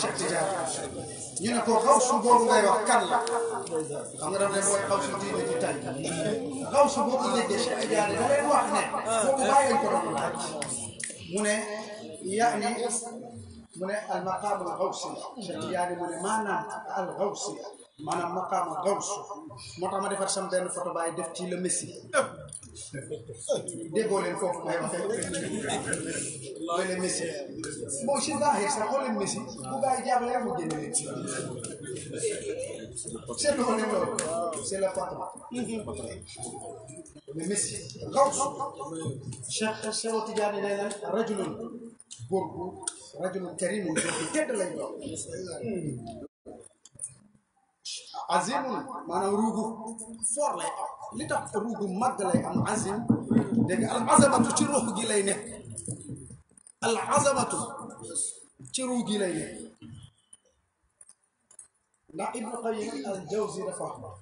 Cheikh Tidiane ñu ne ko xawsu boobu ngay wax kan la xam nga daf ne mooy xawsu diine ci tànk xawsu boo ko déggee Cheikh Tidiane da leen wax ne boobu bàyyi ko doon laaj mu ne yaani mu ne al maqaam al xawsi Cheikh Tidiane mu ne maanaam al xawsi maanaam maqaam al xawsu moo tax ma defar sama benn photo bàyyi def ci le messi déggoo leen foofu nga wax mooy leen Messi boo si baaxee sax xool leen Messi bu gars yi jàppale rek mu génne leen seetlu ko leen loolu c' est le patron le Messi gaw Cheikh Cheikh Tidiane nee na rajulun góor bu rajulun karim góor bu tedd lañ doon azimun maanaam ruugu fort lay am li tax ruugu màgg lay am azim dégg nga al azamatu ci ruux gi lay nekk al azamatu ci ruux gi lay nekk ndax ibnu qayyim al jawzi dafa wax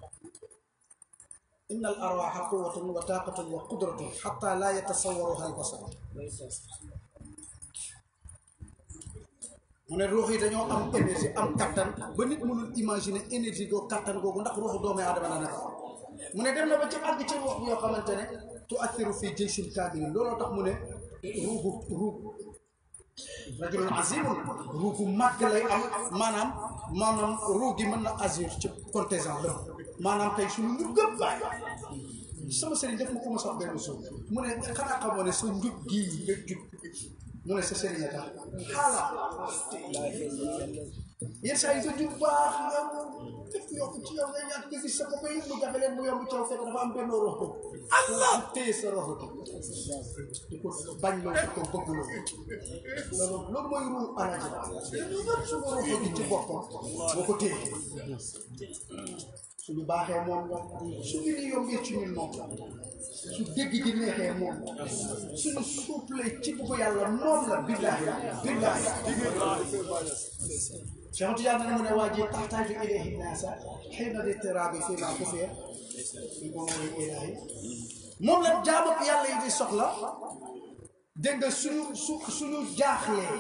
إن الأرواح قوة وطاقة وقدرة حتى لا يتصورها البصر mu ne ruux yi dañoo am énergie am kattan ba nit mënul imaginer énergie googu kattan googu ndax ruuxu doomu aadama la nekk mu ne dem na ba ci àgg ci wax yoo xamante ne tu athiru fii jaysin kaamil looloo tax mu ne ruugu ruug rajulun azimun ruugu màgg lay am maanaam maanaam ruug gi mën na azur ci contaison la maanaam tey suñu ñu gëm bàyyi sama sëriñ def ma ko ma sax benn suuf mu ne xanaa xamoo ne sa njub gii nga jub mu ne sa sëriñ a tax yenn saa yi sa jur baax yokk ci yow nga ñàkk nga gis sa bopp yi mu jafe mu yomb ci yow fekk dafa am benn roxo Allah téye sa roxo di ko bañ loolu mooy ruu alaji suma roxo gi ci boppam boo ko téye suñu baaxee moom la suñu li yombee ci ñun moom la su dégg di neexee moom la suñu suuplee ci bëgg yàlla moom la billahi billahi moom la jaamab yàlla yi di soxla dégg nga suñu su suñu jaaxlee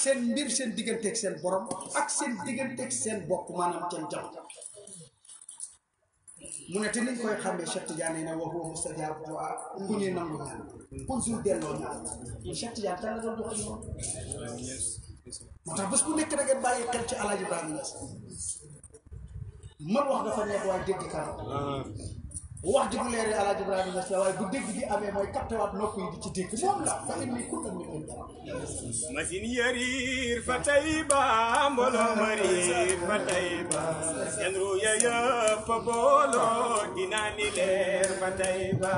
seen mbir seen digganteeg seen borom ak seen digganteeg seen bokk maanaam seen jam mu ne te niñ koy xàmmee Cheikh Tidiane yi ne wax woo mustajaab du'a ku ñuy nangu ñaan kon suñu delloo ñaan Cheikh tax bés bu nekk da ngeen bàyyi xel ci Alaaji Ibrahima Niass man wax dafa neex waaye dégg kàddu bu wax ji bu leeree El Hadj Ibrahima Niass la waaye bu dégg gi amee mooy captewaat nopp di ci dégg moom la fa inni kullu min indi masin yarir fa tayba fa tayba yan ruya fa tayba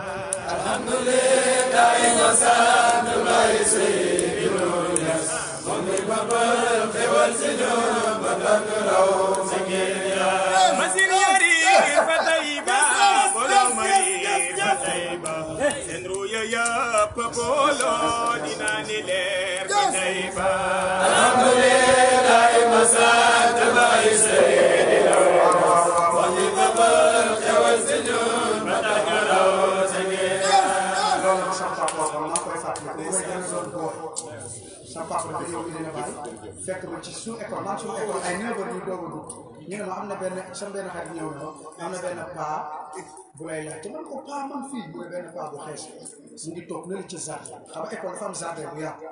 alhamdulillahi wa sant baay Seydina Niass moom mi babal xewal si ñoom ba dàgg raw si ngeen yaa fa tayba yëpp booloo dina ni leer bi day baax. alhamdulilah. sama papa dafa yóbbu leen baay fekk ma ci su école maa suñu école ay neuf heures ñu doog a ñu ne ma am na benn sama benn xarit ñëw na am na benn paa bu lay laaj te man ko paa man fii mu benn paa bu xees mu ngi toog na ci jardin xam nga école dafa bu yàqu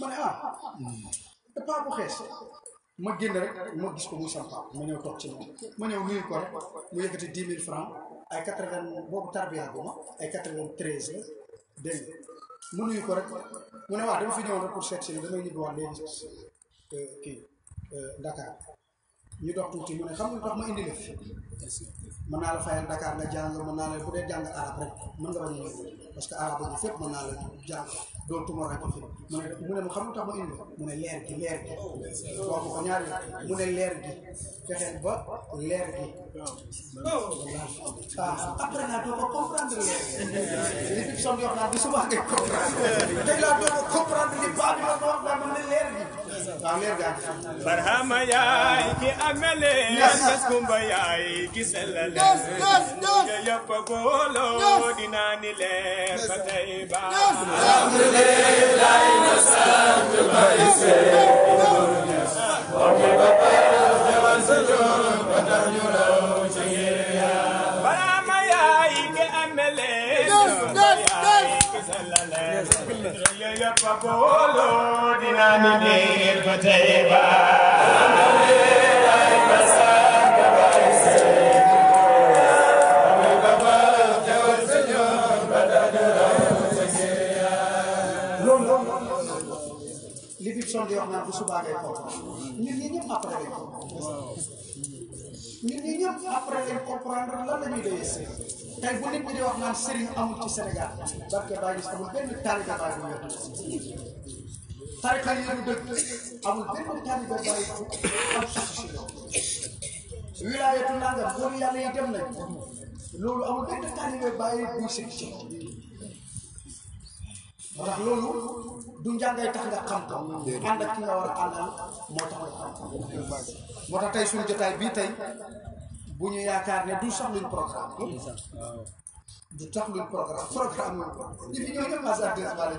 ma ne ah ma génn rek ma gis ko muy sama paa ma ñëw toog ci moom ma ñëw nuyu ko rek mu yëkkati dix mille francs ay quatre vingt boobu tarbiya bu ma ay quatre vingt treize la dégg mu nuyu ko rek mu ne waaw dama fi ñëwoon rek pour seet si damay ñibbiwaat léegi euh, kii euh, Dakar ñu dox tuuti mu ne xam nga tax ma indi lef naa la fayal Dakar nga jàng mën naa la bu dee jàng arab rek mën nga bañ a ñëw parce que arab bi fépp mën naa la jàng doo tumara ko fi mu ne leer gi leer gi boobu ko ñaari mu ne leer gi fexeel ba leer gi ah, après naa doo ko comprendre li fiction bi wax naa laa mu ne leer gi barhama yaay ki amele tas kumba yaay ki sellale ya yëpp boolo dina ni leer ba tey ba alhamdulillah na sant ba ise ba ba ba lépp a booloo dinaa ni déer ba tey ba li fi sonn di wax naan bu subaa day toog ñun ñii ñëpp après day nit ñi ñëpp après ngeen comprendre lan la tey bu nit ñi di wax naan sëriñ amul ci Sénégal barke Baye Niass amul benn taalibe Baye bu yor tarixa yi ñu dëkk amul am sax si yow wilaayatu nangam loolu yàlla yi dem nañ loolu amul benn taalibe Baye bu sëriñ moo loolu du njàngay tax nga xam ko ànd ak ki a moo tax nga xam ko moo tax tey suñu jotaay bii tey bu ñu yaakaar ne du sax luñ programme du tax luñ programme programme ñu fi ñëw ñëpp asardisbale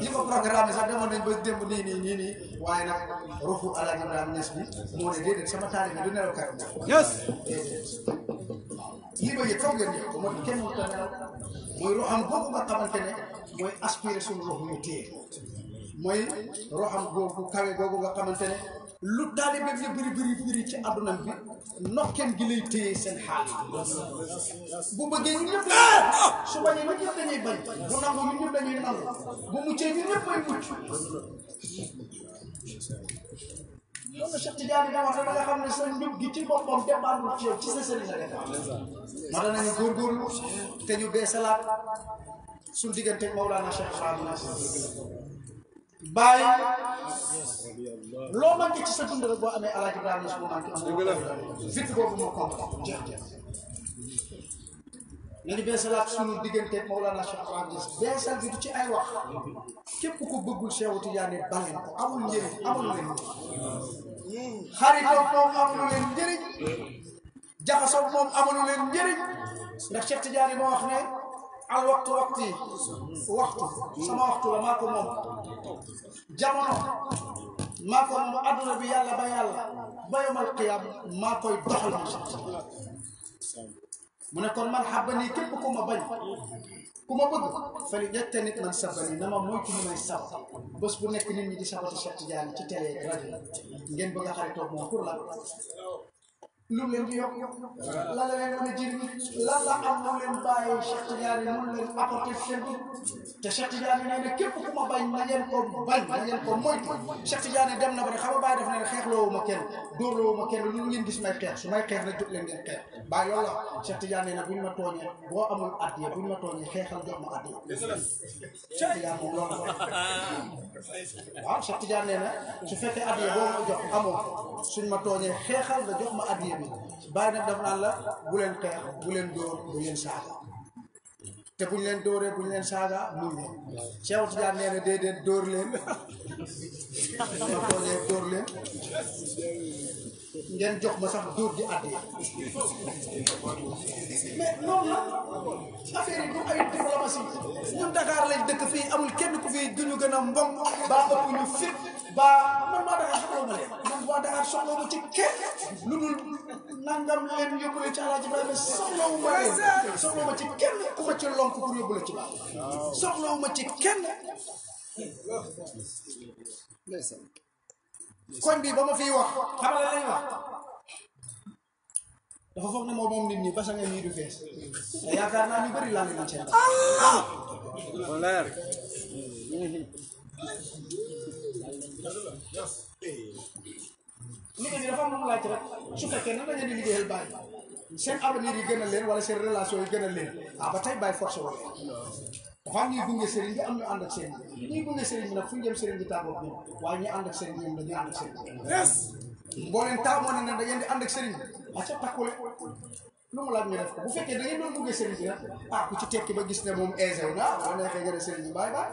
ñi ko programme nañ ba demb nii nii nii nii waaye nag ruuxu Alaaji Ibrahima Ñas bi moo ne déedéet sama taalibe du nelaw kat yes lii ba yëg foog ngeen ñëw ko moom kenn a nelaw mooy roxam boobu nga xamante mooy aspiré suñu rox ñu téye mooy roxam googu nga xamante ne lu taalibe bi la bëri bëri bëri ci adduna bi nokkeem gi lay téye seen xaal bu bëggee ñun ñëpp dañuy ah! su bañee ñun ñëpp dañuy bañ bu nangu ñun ñëpp dañuy nangu bu muccee ñun ñëpp mooy mucc loolu Cheikh Tidiane da wax ba nga xam ne sa njub gi ci boppam départul ci yow ci sa sëriñ la nekk ma da te ñu bee salaat suñ diggante Mawlana Cheikh Ibrahim Niass bàyyi loo manqué ci sa dund rek boo amee El Hadj Ibrahima Niass boo manqué am vitt boobu moo compte jeex jeex ñu ngi beesalaat suñu diggante Mawlana Cheikh Ibrahima Niass beesal bi du ci ay wax képp ku bëggul Cheikh Tidiane bàyyi njëriñ amul njëriñ xaritoo moom amul njëriñ ndax Cheikh Tidiane moo wax ne al waxtu waxtu waxtu sama waxtu la maa ko moom jamono maa ko moom adduna bi yàlla ba yàlla ba yomal maa koy doxal mu ne kon man xabbanii képp ku ma bañ ku ma bëgg fële njëkk nit man sabbani na ma moytu ñu may sab bés bu nekk nit ñi di a Cheikh Tidiane ci télé rajo ngeen bëgg a xaritoo moom pour la. lu leen di yokk la la leen mën a jëriñ lan la am lu leen bàyyi Cheikh Tidiane lu leen apporté seen te Cheikh Tidiane nee na képp ku ma bañ na ngeen ko bañ na ngeen ko moytu Cheikh dem na ba ne xam nga bàyyi def na ne xeexloowu kenn dóorloowu ma kenn lu ngeen gis may xeex su may xeex rek jóg leen ngeen xeex bàyyi loolu la Cheikh na bu ñu ma tooñee boo amul addiya bu ñu ma tooñee xeexal jox ma addiya Cheikh Tidiane moom loolu la waaw Cheikh Tidiane nee na su fekkee addiya boo ma jox amoo suñ ma tooñee xeexal nga jox ma addiya bi bàyyi nag dafa naan la bu leen xeex bu leen dóor bu leen saaga te bu ñu leen dóoree bu ñu leen saaga muy leen Cheikh Tidiane nee na déedéet dóor leen ma toogee ngeen jox ma sax dóor di àddee mais loolu la affaire yi du ay diplomatie ñun Dakar lañ dëkk fii amul kenn ku fii duñu gën mbom baa ëpp ñu fit waa Dakar soxla wu ma leen man ci kenn lu dul nangam leen yóbbu la ci El Hadj Ibrahima soxla wu ci kenn ku ma ci lonk pour yóbbu la ci baax soxla ci kenn. koñ bi ba ma fiy wax xam nga lañ wax dafa foog ne moom nit ñi basa nga nii du fees yaakaar naa ñu bëri laa leen cee. liggéey bi dafa am lu mu laaj rek su fekkee nan la ngeen di liggéeyal bàyyi seen avenir yi gën a leen wala seen relation yi gën a leen ah ba tey bàyyi force wala dafa am ñuy gunge sëriñ bi am ñu ànd ak sëriñ bi ñuy gunge sëriñ bi nag fu ñu jëm sëriñ bi tàggoo ak ñoom waaye ñuy ànd ak sëriñ bi ñoom dañuy ànd ak leen da ngeen di ànd ak sëriñ bi a takkule lu mu laaj ñu def ko bu fekkee da ngeen doon bëggee sëriñ bi nag ah ku ci tekki ba gis ne moom aisé wu na boo neexee nga ne sëriñ bi bàyyi bàyyi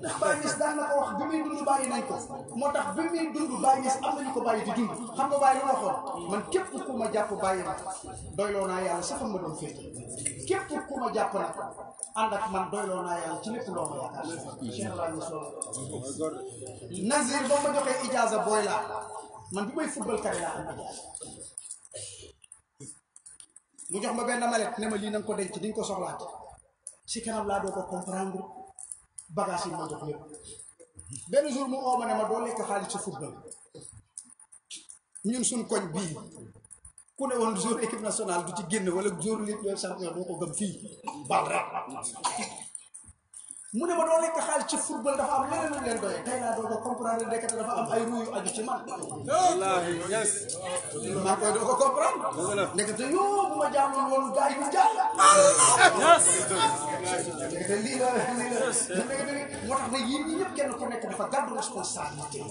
ndax bàyyi gis daan na ko wax bi muy dund bàyyi nañ ko moo tax bi muy dund bàyyi gis am nañu ko bàyyi di dund xam nga bàyyi lu waxoon man képp ku ma jàpp bàyyi ma doyloo naa yàlla sax ma doon féete képp ku ma jàpp nag ànd ak man doyloo naa yàlla ci lépp loo ma yaakaar inchaallah ñu ma joxee ijaaza booy mu jox ma benn malet ne ma lii na ko denc di nga ko soxlaat si kanam laa doo ko comprendre bagage yi ma jox lépp benn jour mu oo ma ne ma doo lekk xaalis ci football ñun suñ koñ bii ku ne woon jour équipe nationale du ci génn wala jour ligue champion doo ko gëm fii bal mu ne ma doo lekk xaalis ci football dafa am leneen lu leen doyee tey laa doo ko comprendre ndekete dafa am ay ruuyu aju ci man. wallaahi yes. maa koy ko comprendre. dëgg la ndekete yoo bu ma jaamul woon gars yi ñu ne yéen ñi ñëpp kenn ku nekk dafa gàddu responsabilité.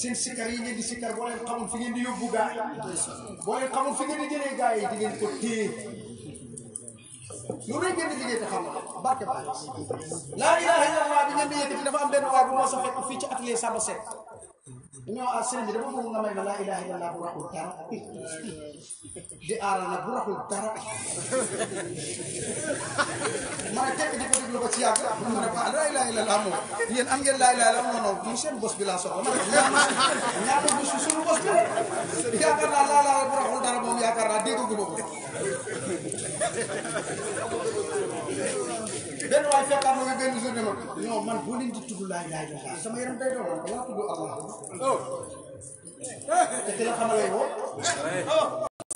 seen sikkar yi ngeen di sikkar boo leen xamul fi ngeen di yóbbu gars yi. boo leen xamul fi ngeen di jëlee gars di ngeen ko téye. lu ne ngeen di liggéey te xam nga barke baax laa ilaha illallah bi ngeen di yëkkati dafa am benn waay bu moo sa fekk fii ci atelier Samba Seck ñoo ah sëriñ bi dama bëgg nga may ma laa ilaha bu raxul dara di aaral bu raxul dara ma ne tekk di ko déglu ko ci yàgg laa ah, laa bos bi laa soxla bu raxul dara moom yaakaar naa dégg gu ma benn waay fekkaat ma nga benn journée ma. non man boo leen di tudd laay laay jox sama yaram day doon wala tudd Allah. Oh. te ki la xamalee woo.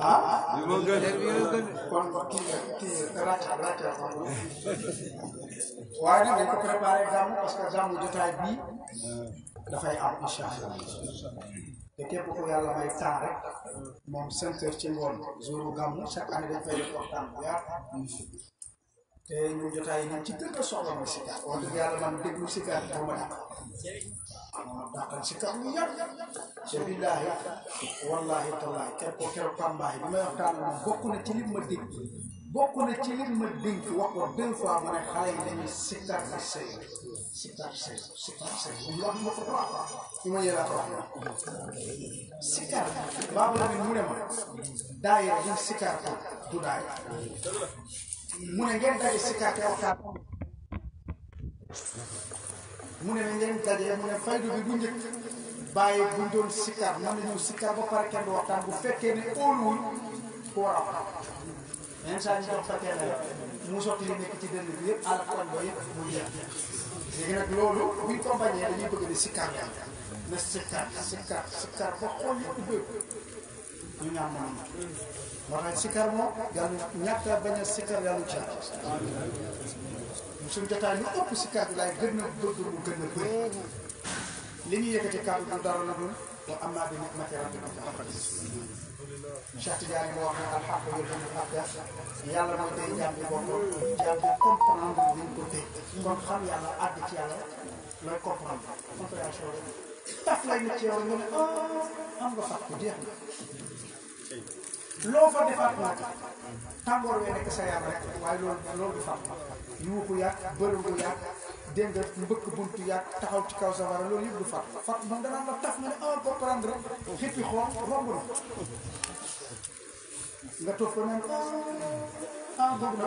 ah. kon waaye nag dañ ko préparé gàmm parce que gàmmu jotaay bi dafay am incha allah te képp ku yàlla may temps rek moom cinq heures ci ngoon jouru gàmmu chaque année dañ fay def waxtaan te ñun jotaay yi ñu ci gën a soxla mooy sikar wax dëgg yàlla man déglu sikar dama dàqal si kàddu gi yàgg te billaahi wallaahi tallaahi keroog keroog Pambaay bi may waxtaan moom bokk na ci li ma dégg bokk na ci li ma dénk wax ko deux fois ma ne xale yi dañuy sikar bi mu ne ma daayira bu sikar ko du daayira mu ne ngeen daje sikar te waxtaan mu ne na leen dajee mu ne faydu bi bu njëkk bàyyi buñ doon sikkar man nañu sikkar ba pare kenn waxtaan bu fekkee ne óoluwul ku war a wax yenn saa yi ñu dox fa teel a mu sotti li bi yëpp alxuraan ba léegi nag loolu buñ ko bañee dañuy bëgg di sikkar ka na sikkar sikkar ba xool yëpp ubbeeku ñu ñaan moom moo tax sikkar moom yàlla ñàkk a bañ a sikkar yàlla ñu suñ jotaay ñu ëpp si kàddu laay gën na bëgg mu gën a bëri li ñuy yëkkati kàddu du dara la dul wa amma bi ni'mati rabbika faqadis Cheikh Tidiane moo wax ne yàlla mooy tey jàmm bi boo ko jàmm li ñu ko dégg kon xam yàlla àgg ci yàlla looy comprendre taf lay nit ci nga ne ah, am nga fàq jeex na loo fa defaat naa ko tàngoor wee nekk sa yaram rek waaye loolu loolu du fàmm yuuxu yàq bërëngu ci kaw safara loolu yëpp du fàmm fàmm moom danaan la taf nga ne ah comprendre xippi xool ko naan ah, ah bëgg na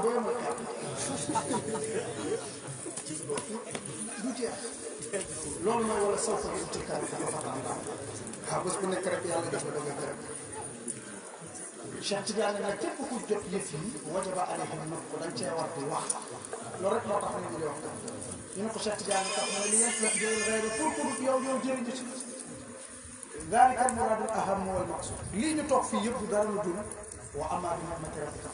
loolu mooy wala saw ko ci kaw xam nga bu nekk rek yàlla dafa dogal rek Cheikh Tidiane nag képp ku jot yëf yi wajaba alayhim nag ko dañ cee war di wax loolu rek moo tax ñu ngi di wax ñu ne ko Cheikh Tidiane tax mooy li yéen fekk jël xëy na pour pour yow yow jëriñu ci dalika al-muraadul aham wal maqsuud lii ñu toog fii yëpp du dara lu dul wa amaa bi ni'mati rabbika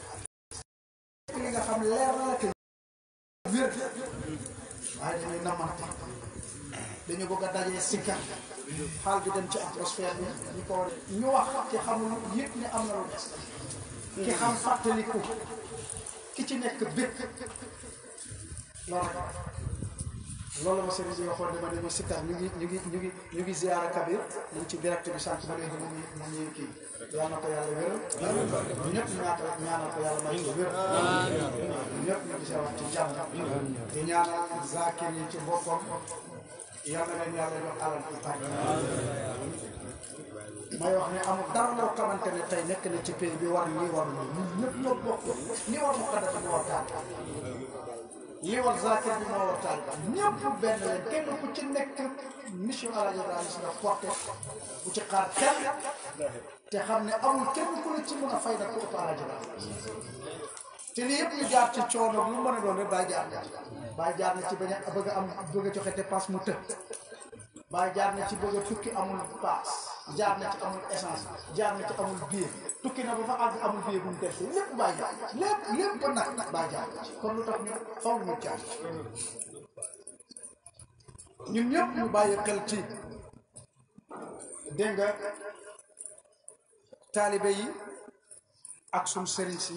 li nga xam leer na la te wér waaye dañuy namante dañu bëgg a dajee sikkar xaal bi dem ci atmosphère bi ñu ko war ñu wax ki xamul yëpp ne am na lu des ki xam fàttaliku ki ci nekk békk loolu loolu ma sëriñ bi waxoon dama dama sikkar ñu ngi ñu ngi ñu ngi ñu ngi ziara kabir mu ci direct bi sant ma léegi mu ngi mu ngi ñu ñëpp ñu ñëpp ñu ngi seewaan ci jàmm di ñaanal zaakir yi ci boppam yàlla leen yàlla jox alal ci barke may wax ne amul dara loo xamante ne tey nekk ci pays bi war lii war lii ñun ñëpp ñoo bokk lii war muqaddas bi war taal lii war zakir bi war taal ñëpp benn kenn ku ci nekk mission Alaaji Ibrahima Niass nga porté bu ci xaar kenn te xam ne amul kenn ku la ci mën a fay nag ku ëpp Alaaji Ibrahima te lii yëpp ñu jaar ci coono lu mën a doon rek bàyyi jaar jaar bàyyi jaar na ci bañ a bëgg am bëgg a joxe dépense mu tëj bàyyi jaar na ci bëgg a tukki amul paas jaar na ci amul essence jaar na ci amul billet tukki na ba fa àgg amul billet bu mu def lépp bàyyi jaar lépp lépp ba nag bàyyi jaar kon lu tax ñu faw ñu jaar ñun ñëpp ñu bàyyi xel ci dégg taalibe yi ak suñu sëriñ si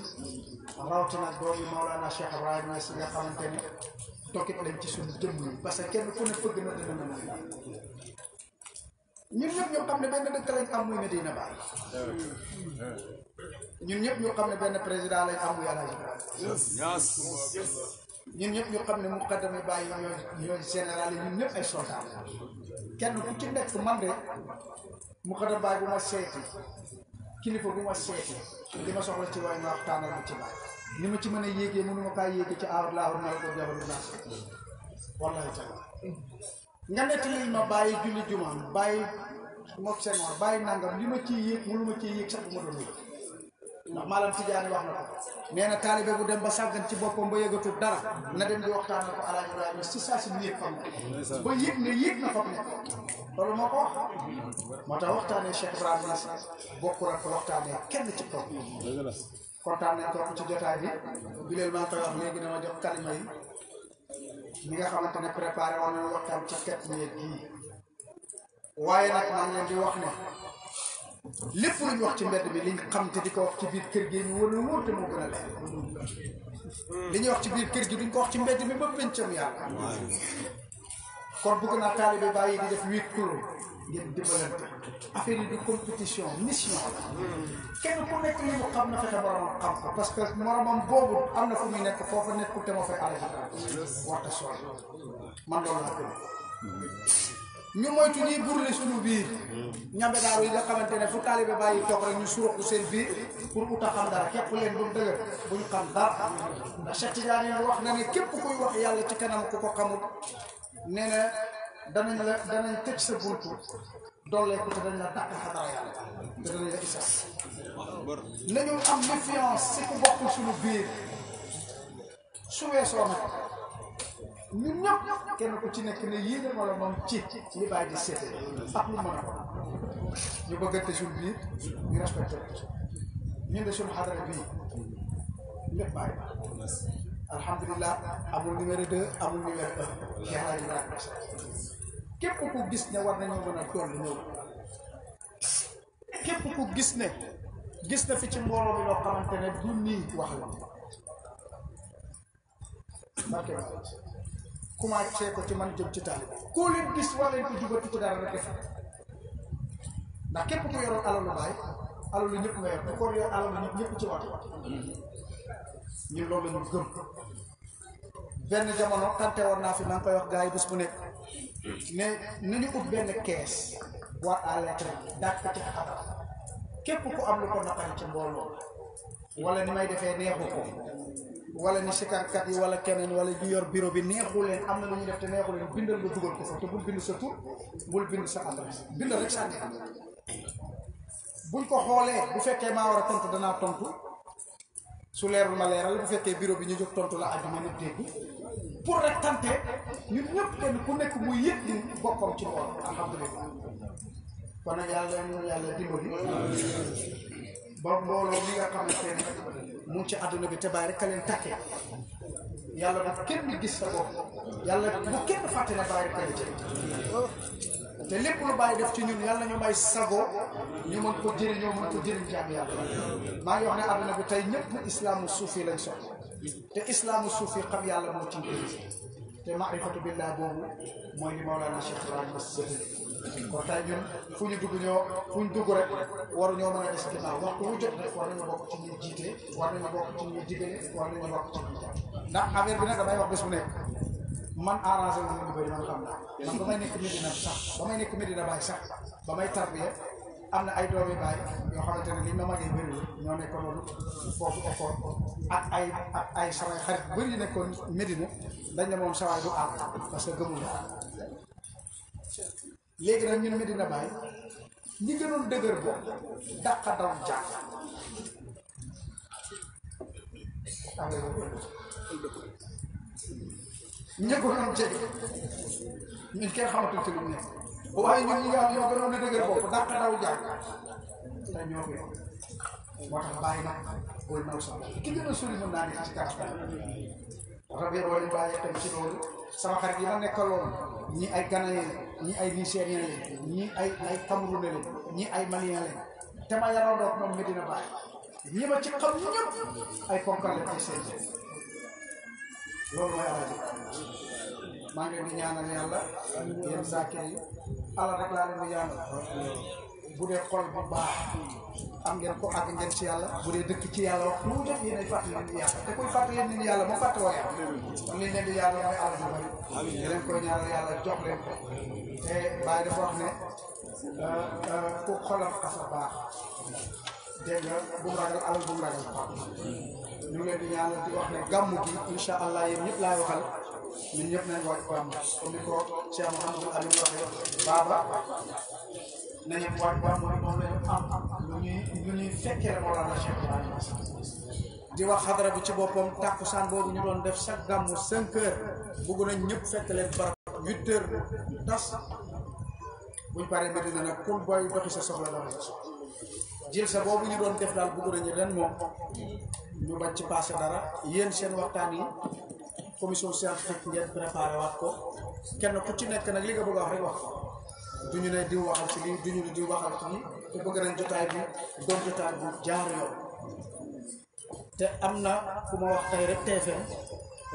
rawatina doomi Maolana Cheikh Ibrahima si nga xamante ne tokkit lañ ci suñu jëmm yi parce que kenn ku ne fëgg na dina ñu ne benn dëkk ñun ñëpp ñu xam ne benn président lañ am muy ñëpp ñu xam ne muqaddam yi Baye ñooy ñun ñëpp ay soldat kenn ku ci nekk man de muqaddam Baye bu ma seeti kilifa bu ma seeti li ma soxla ci waay nga waxtaanal ma ci baay ni ma ci mën a yéegee mënu ma kaa yéegee ci aar laa war na ko jabaru naa wallahi taala nga nettali ma bàyyi julli jumaan bàyyi mook senor bàyyi nangam li ma ciy yéeg mënu ma ciy yéeg sax bu ma doon yéeg ndax maalam Tijaani wax na ko nee na bu dem ba sàggan ci boppam ba yëgatul dara na dem di waxtaan na ko Alaaji Ibrahima si saa si mu yéeg fam ne ba yëg ne yéeg na fam ne loolu moo ko wax moo tax Cheikh Ibrahima Niass bokkul ak waxtaanee kenn ci kaw kontaan nañ trop ci jotaay bi bi leen maa koy wax dama jox kalima yi ñi nga ne préparé woon nañu ci kat ngi di wax ne lépp lu ñu wax ci mbedd mi liñ xam te di ko wax ci biir kër gi ñu wër lu te moo gën a leer wax ci biir kër gi duñ ko wax ci mbedd mi ba pencam yàlla kon bëgg naa taalibe bàyyi di def huit kilos ngeen dimbalante affaire yi di compétition mission la kenn ku nekk li mu xam na fexe parce que moromam boobu am na fu muy nekk foofa nekkul te ma fay arrêté waxta sol man loolu laa gën xamante ne fu taalibe bàyyi toog rek ñu suruxu seen biir pour uta xam dara képp leen bu mu dëgër bu ñu xam dara ndax Cheikh wax na ne képp kuy wax yàlla ci kanam ku ko xamul nee na danañ la danañ tëj sa buntu dooleeku te danañ la dàq xadara yàlla te la isaas nañu am méfiance si ku bokk suñu biir su weesoo nag ñun ñëpp kenn ku ci nekk ne yéene wala moom ci li bàyyi di seete ak lu mën a ko ñu bëggante suñu biir ñu respecté ñun de suñu xadara bii lépp alhamdulilah amul numéro deux amul numéro un képp ku gis ne war nañoo mën a toll ñëw képp ku gis ne gis na fi ci mbooloo bi loo xamante ne du nii wax la barke ko ci man jëm ci taal koo gis war leen ko jubati ci képp ku yoroon alalu baay alalu ñëpp nga yor ko yor alalu ñëpp ci waat ñu loolu la ñu gëm benn jamono tante war naa fi maa ngi koy wax gars yi bés bu nekk ne nañu ut benn kees boîte à lettres daaj ko ci xabar képp ku am lu ko naqari ci mbooloo wala ni may defee neexu ko wala ni sikarkat yi wala keneen wala ñu yor bureau bi neexu leen am na lu ñu def te neexu leen bindal nga dugal ko fa te bul bind sa tur bul bind sa adresse bindal rek sànni buñ ko xoolee bu fekkee maa war a tontu danaa tontu. su leerul ma leeral bu fekkee bureau bi ñu jóg tontu la àdduna ñu dégg pour rek tante ñun ñëpp kenn ku nekk muy yëpp li boppam ci loolu alhamdulilah kon nag yàlla ñu yàlla dimbali ba mbooloo bi nga xamante ne ci àdduna bi te bàyyi rek ka leen takkee yàlla bu kenn gis sa bopp yàlla bu kenn fàtte na bàyyi rek ka leen ci te lépp lu bàyyi def ci ñun yàlla ñu may sago ñu mën ko jëriñoo mën ko jëriñ jaam yàlla maa ngi wax ne àdduna bi tey ñëpp islaamu suufi lañ soxla te islaamu suufi xam yàlla moo ci te maarifatu billah boobu mooy li Mawlana Cheikh Ibrahima kon tey ñun fu ñu dugg ñoo fu ñu dugg rek waru ñoo mën a des ginnaaw waxtu wu jot rek war nañu bokk ci ñuy jiite war nañu bokk ci ñuy digale war nañu bokk ci ñuy jàpp ndax affaire bi nag damay wax bés bu nekk man arrangé wu ñu bëri man xam naa ndax ba may nekk Medina sax ba may nekk Medina Baye sax ba may tarbiya am na ay doomi baay yoo xamante ne lii ma magee bëri ñoo nekkoon loolu foofu okoor ak ay ay samay xarit bëri nekkoon Medina lañ ne moom sawaay du àll parce que gëmul léegi nag ñun Medina Baay ñi gënoon dëgër bo dàqa daw ña ko doon jege ñun kenn xamatul ci lu nekk waaye ñun ñi nga xam ñoo gënoon a dëgër bopp dàq daw jàng te ñoo ko moo tax bàyyi na booy naw sax ki a sori sama xarit yi ma nekkaloon ñi ay Ghanéen ñi ay Nigérien lañ ñi ay ay Camerounais lañ ñi ay Malien lañ te ma yaroon doon moom Medina Baye ñi ma ci xam ay ponkal lañ ay seen loolu mooy alal ji maa ngi leen di ñaanal yàlla yéen sàkkee yi alal rek laa leen di ñaanal bu dee xol bu baax am ngeen ko àgg ngeen ci yàlla bu dee dëkk ci yàlla wax lu mu def yéen ay fàttali leen yàlla te kuy fàttali leen di yàlla yàlla li leen di yàlla mooy alal ji yàlla jox leen te bàyyi dafa wax ne euh, euh, ku xolam asa baax dégg bu mu ragal alal bu mu ragal ñu ngi leen di ñaanal di wax ne gàmmu gi incha allah yéen ñëpp laay waxal ñun ñëpp nañ waaj gàmmu comme ni ko Cheikh Mouhamadou Aliou waxee baaba nañu waaj gàmmu bi moom lañu am lu ñuy lu ñuy fekkee rek wala la Cheikh di wax xadara bi ci boppam tàkkusaan boobu ñu doon def chaque gàmmu cinq heures bëgg nañ ñëpp fekk leen barab huit heures tas buñ paree Medina nag kun booy doxi sa soxla la jilsa boobu ñu doon def daal bëgg nañu ren moom ñu bañ ci passé dara yéen seen waxtaan yi commission scientifique ngeen préparé wax ko kenn ku ci nekk nag li nga bëgg a wax rek wax du ñu ne di waxal ci lii du ñu ne di waxal ci lii te bëgg nañ jotaay bi doon jotaay bu jaar yoon te am na ku ma wax tey rek TFM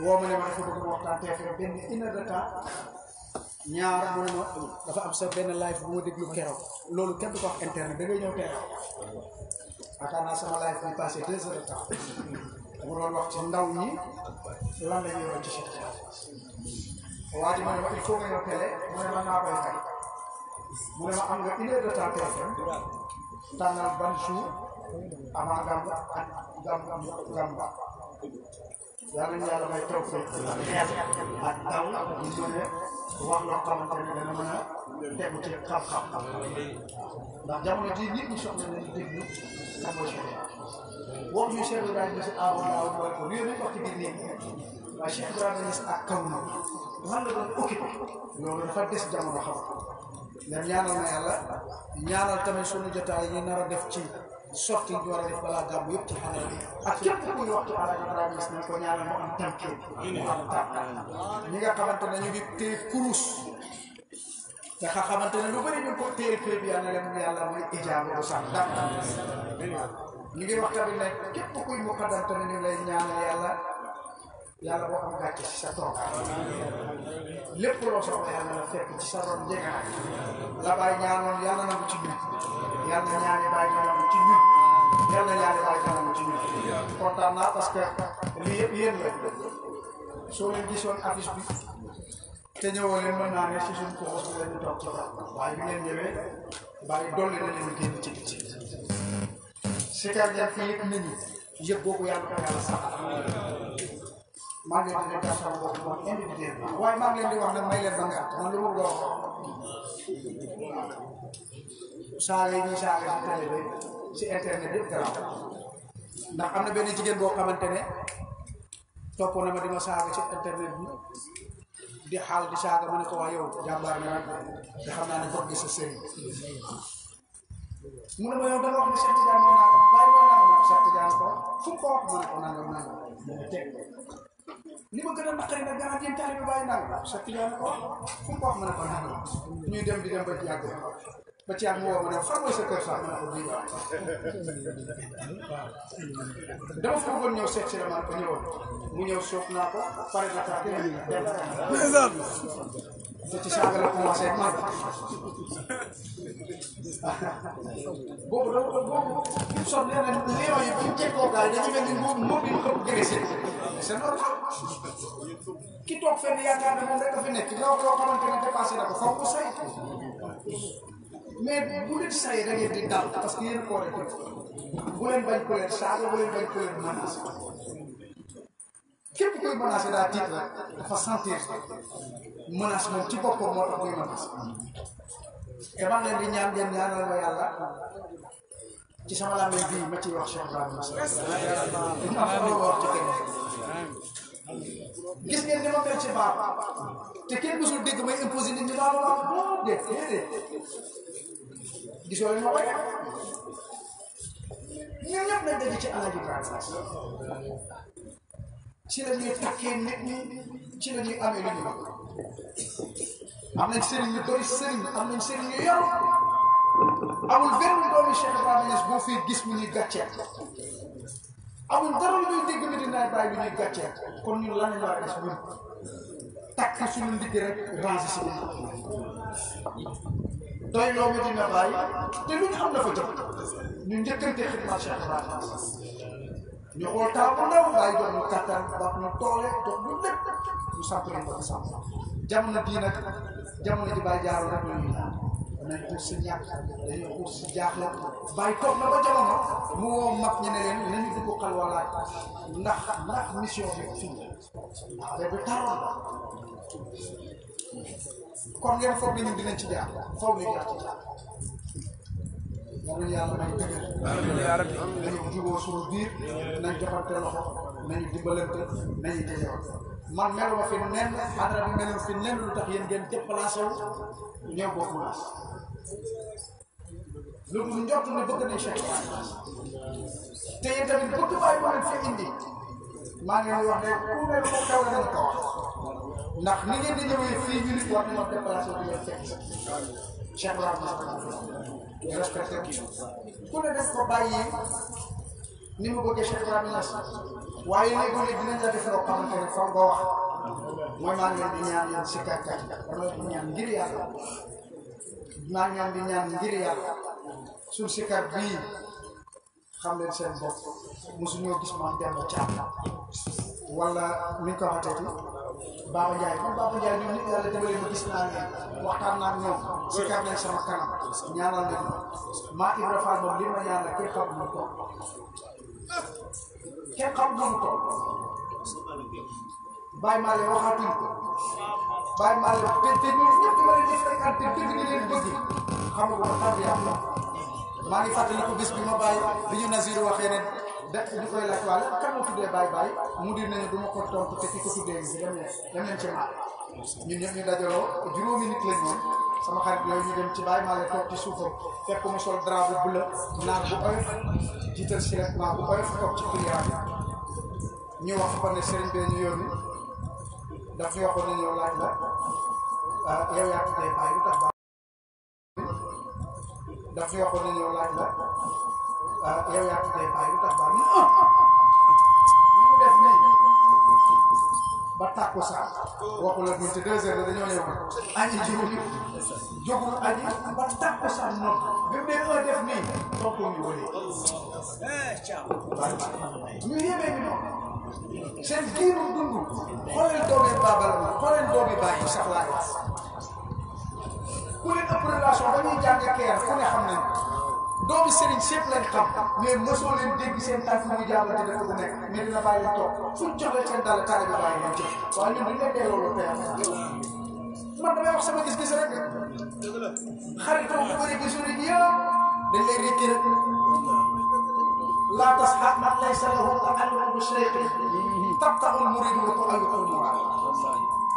woo ma ne ma dafa bëgg ma waxtaan TFM benn une heure ñaar mu ne ma dafa am sa benn live bu ma déglu keroog loolu kenn du ko wax internet da ngay ñëw teel yaakaar sama live bi passé deux heures de temps mu doon wax ndaw ñi lan la ñuy ci Cheikh am nga une heure de temps téléphone yaa ngi yàlla a wax loo xamante ne dana mën a tegu ci xam-xam si aaroon naa mooy ko loolu dafa des jamono xam nga ñaanal na yàlla ñaanal tamit sunu jotaay yi nar a def ci sorti ñu wara def bala gam yépp ci xalé ak képp ku waxtu ala ibrahim gis nañ ko ñaanal mu am tanki ñi nga xamantene ñu ngi téye kurus te xa xamantene lu bari ñu ko téye téye bi yalla leen yalla moy ijaabu bu sax da ñu ngi waxta bi ne képp kuy muqaddam tan ñu lay ñaanal yalla yalla bo ci sa soxla yalla fekk ci sa ron jega la bay yalla na ko ci nit yal na ñaari bàyyi kanam ci ñun yal na ñaari bàyyi kanam ci ñun kontaan naa parce que lii yëpp yéen la soo leen gisoon affiche bi te ñëwoo leen mën naa ne si suñ ko xos la ñu toog ci kaw waaye bi ngeen ñëwee bàyyi dolli na leen génn ci biti si kar ngeen fi yëpp nit ñi yëpp boobu yàlla ko yàlla sax maa ngi leen di def sama bopp moom individuellement waaye maa ngi leen di wax nag may leen ba nga man lu ma wax saaga yi ñuy saaga ci télé bi ci internet bi garaaw ndax am na benn jigéen boo xamante ne topp na ci internet bi di xaal di ko wax yow jàmbaar sa sëriñ mu ko fu mu ko wax ma ne ko nangam moom a ñuy dem di dem ba yàgg ba ci ak moo ma ne fan mooy sa kër sax ko bii waaw dama fa bëggoon seet si la ko ñëwoon mu ñëw soog naa ko pare na taa kenn te ci saaga la commencé man boobu da boobu soxla na léew yi bu ñu jekkoo gaay dañu mel ni moom moom bi ñu ko gërësee c'est normal ki toog fenn yaakaar ne moom rek a fi nekk nga wax loo xamante ne dépassé na ko foog ko say mais bu leen saxee da di dal parce que yéen a a def bañ ko leen saaga bu leen bañ ko leen tiit rek dafa sentir menace moom ci boppam moo tax muy menacé te maa ngi leen di ñaan ngeen ñaanal ma yàlla ci sama làmmiñ bii ma ciy wax Cheikh Ibrahima gis ngeen ni ma mel ci te kenn mësul dégg may imposé nit ñi baab baab boo oh, dee déedéet gisoo leen ma koy def ñun ñëpp nañ daje ci Alaaji Ibrahima ci la takkee nit ñi ci la amee lu ñu am nañ sëriñ ñu bëri sëriñ am nañ sëriñ ñu yaru amul benn doomi Cheikh Ibrahima boo fii gis mu ñuy gàcceel amul dara lu ñuy dégg Medina Baye bi ñuy gàcceel kon ñun lan la gis ñun takk suñu ndigg rek ranger suñu day loo Medina Baye te lu ñu xam dafa jot ñu njëkkante xidma Cheikh Ibrahima ñu xool taal bu ndaw Baye jox ñu kattan baax ñu toole jox ñu lépp ñu sant ko sant jamono bii la ñuy dañuy xuus si jaaxle Baye toog na ba jamono mu woo mag ñu ne leen nañu dugg xalwa laaj ndax ndax mission bi fii te bu taaroon kon ngeen foog ne ñun dinañ ci jaar foog nañ jaar ci jaar. yàlla yàlla may dëgër. nañu juboo suñu biir nañ joxante loxo nañu dimbalante nañu jëyoo man meluma fi nen adra bi fi nen lu tax yéen ngeen déplacé wu ñëw bokk lu njort ne bëgg nañ Cheikh te yéen tamit bëgg bàyyi moo leen fi indi. maa ngi leen wax ne ku leen ko xew ko ndax ni ngeen di fii ñu nit war nañoo déplacé bi leen fekk ku ne def ko bàyyi ni mu bëggee Cheikh Ibrahima Niass waaye léegi léegi dinañ la def loo xamante ne wax mooy maa ngi leen di ñaan si kàkkaay dama di ñaan ngir yàlla maa ngi leen di bii. xam leen seen bopp mosuñoo gis maam dem ci wala ni ko xatati baba njaay man baba njaay ñoom nit yàlla dama leen gis naa ya. leen waxtaan naa ñoom si kar leen sama kanam ñaanal leen maa ibra faal moom li ma ñaanal kenn xam mu ko kenn xam mu ko Baye Malé waxatul ko Baye Malé te te ñu ñëpp ma leen def rek at te ñu leen bëgg xam nga ko xam yaa maa ngi ko bis bi ma bàyyi bi ñu Nazir waxee ne da ñu koy laaj wàll kan mo tuddee bàyyi bàyyi mu dir nañu du ma ko tontu te ki ko tuddee ngi si dem leen dem leen ci maa ñun ñëpp ñu dajaloo juróomi nit lañ woon sama xarit yooyu ñu dem ci bàyyi maa leen toog ci suufam fekk mu sol drap bu bula naat bu oyof jiital siret maa bu oyof toog ci client ñu wax ko ne sëriñ bee ñu yónni daf ñu waxoon ne ñëw laaj la ah, yow yaa tuddee bàyyi lu tax ndax yokku nañ yow laaj la ah yow yaa tuddee baay lu tax baay mu am li mu def nii ba tàkku saa waxu la buñ ci deux heures dañoo ne woon añi jógul jógul añi ba tàkku saa noonu bi mu ne def nii topp ñu wëlee ñu yemee ñu noonu seen diiru dund xooleen doomi baabal xoolal doomi bàyyi sax laay wax ku leen ëpp relation dañuy jàng keer ku ne xam nañ doomi sëriñ sépp lañ xam mais mosoo leen dégg seen tànk muy jàllale def ko nekk mais dina bàyyi toog fu joxe seen dal taalibe bàyyi ma jox waaye ñun dañ lay delloo loolu père man damay wax sama gis-gis rek xarit toog ko bëri gisu nit yëpp dañ lay rékki rek laa tas xaat man lay sa lahum wa alwa bu cheikh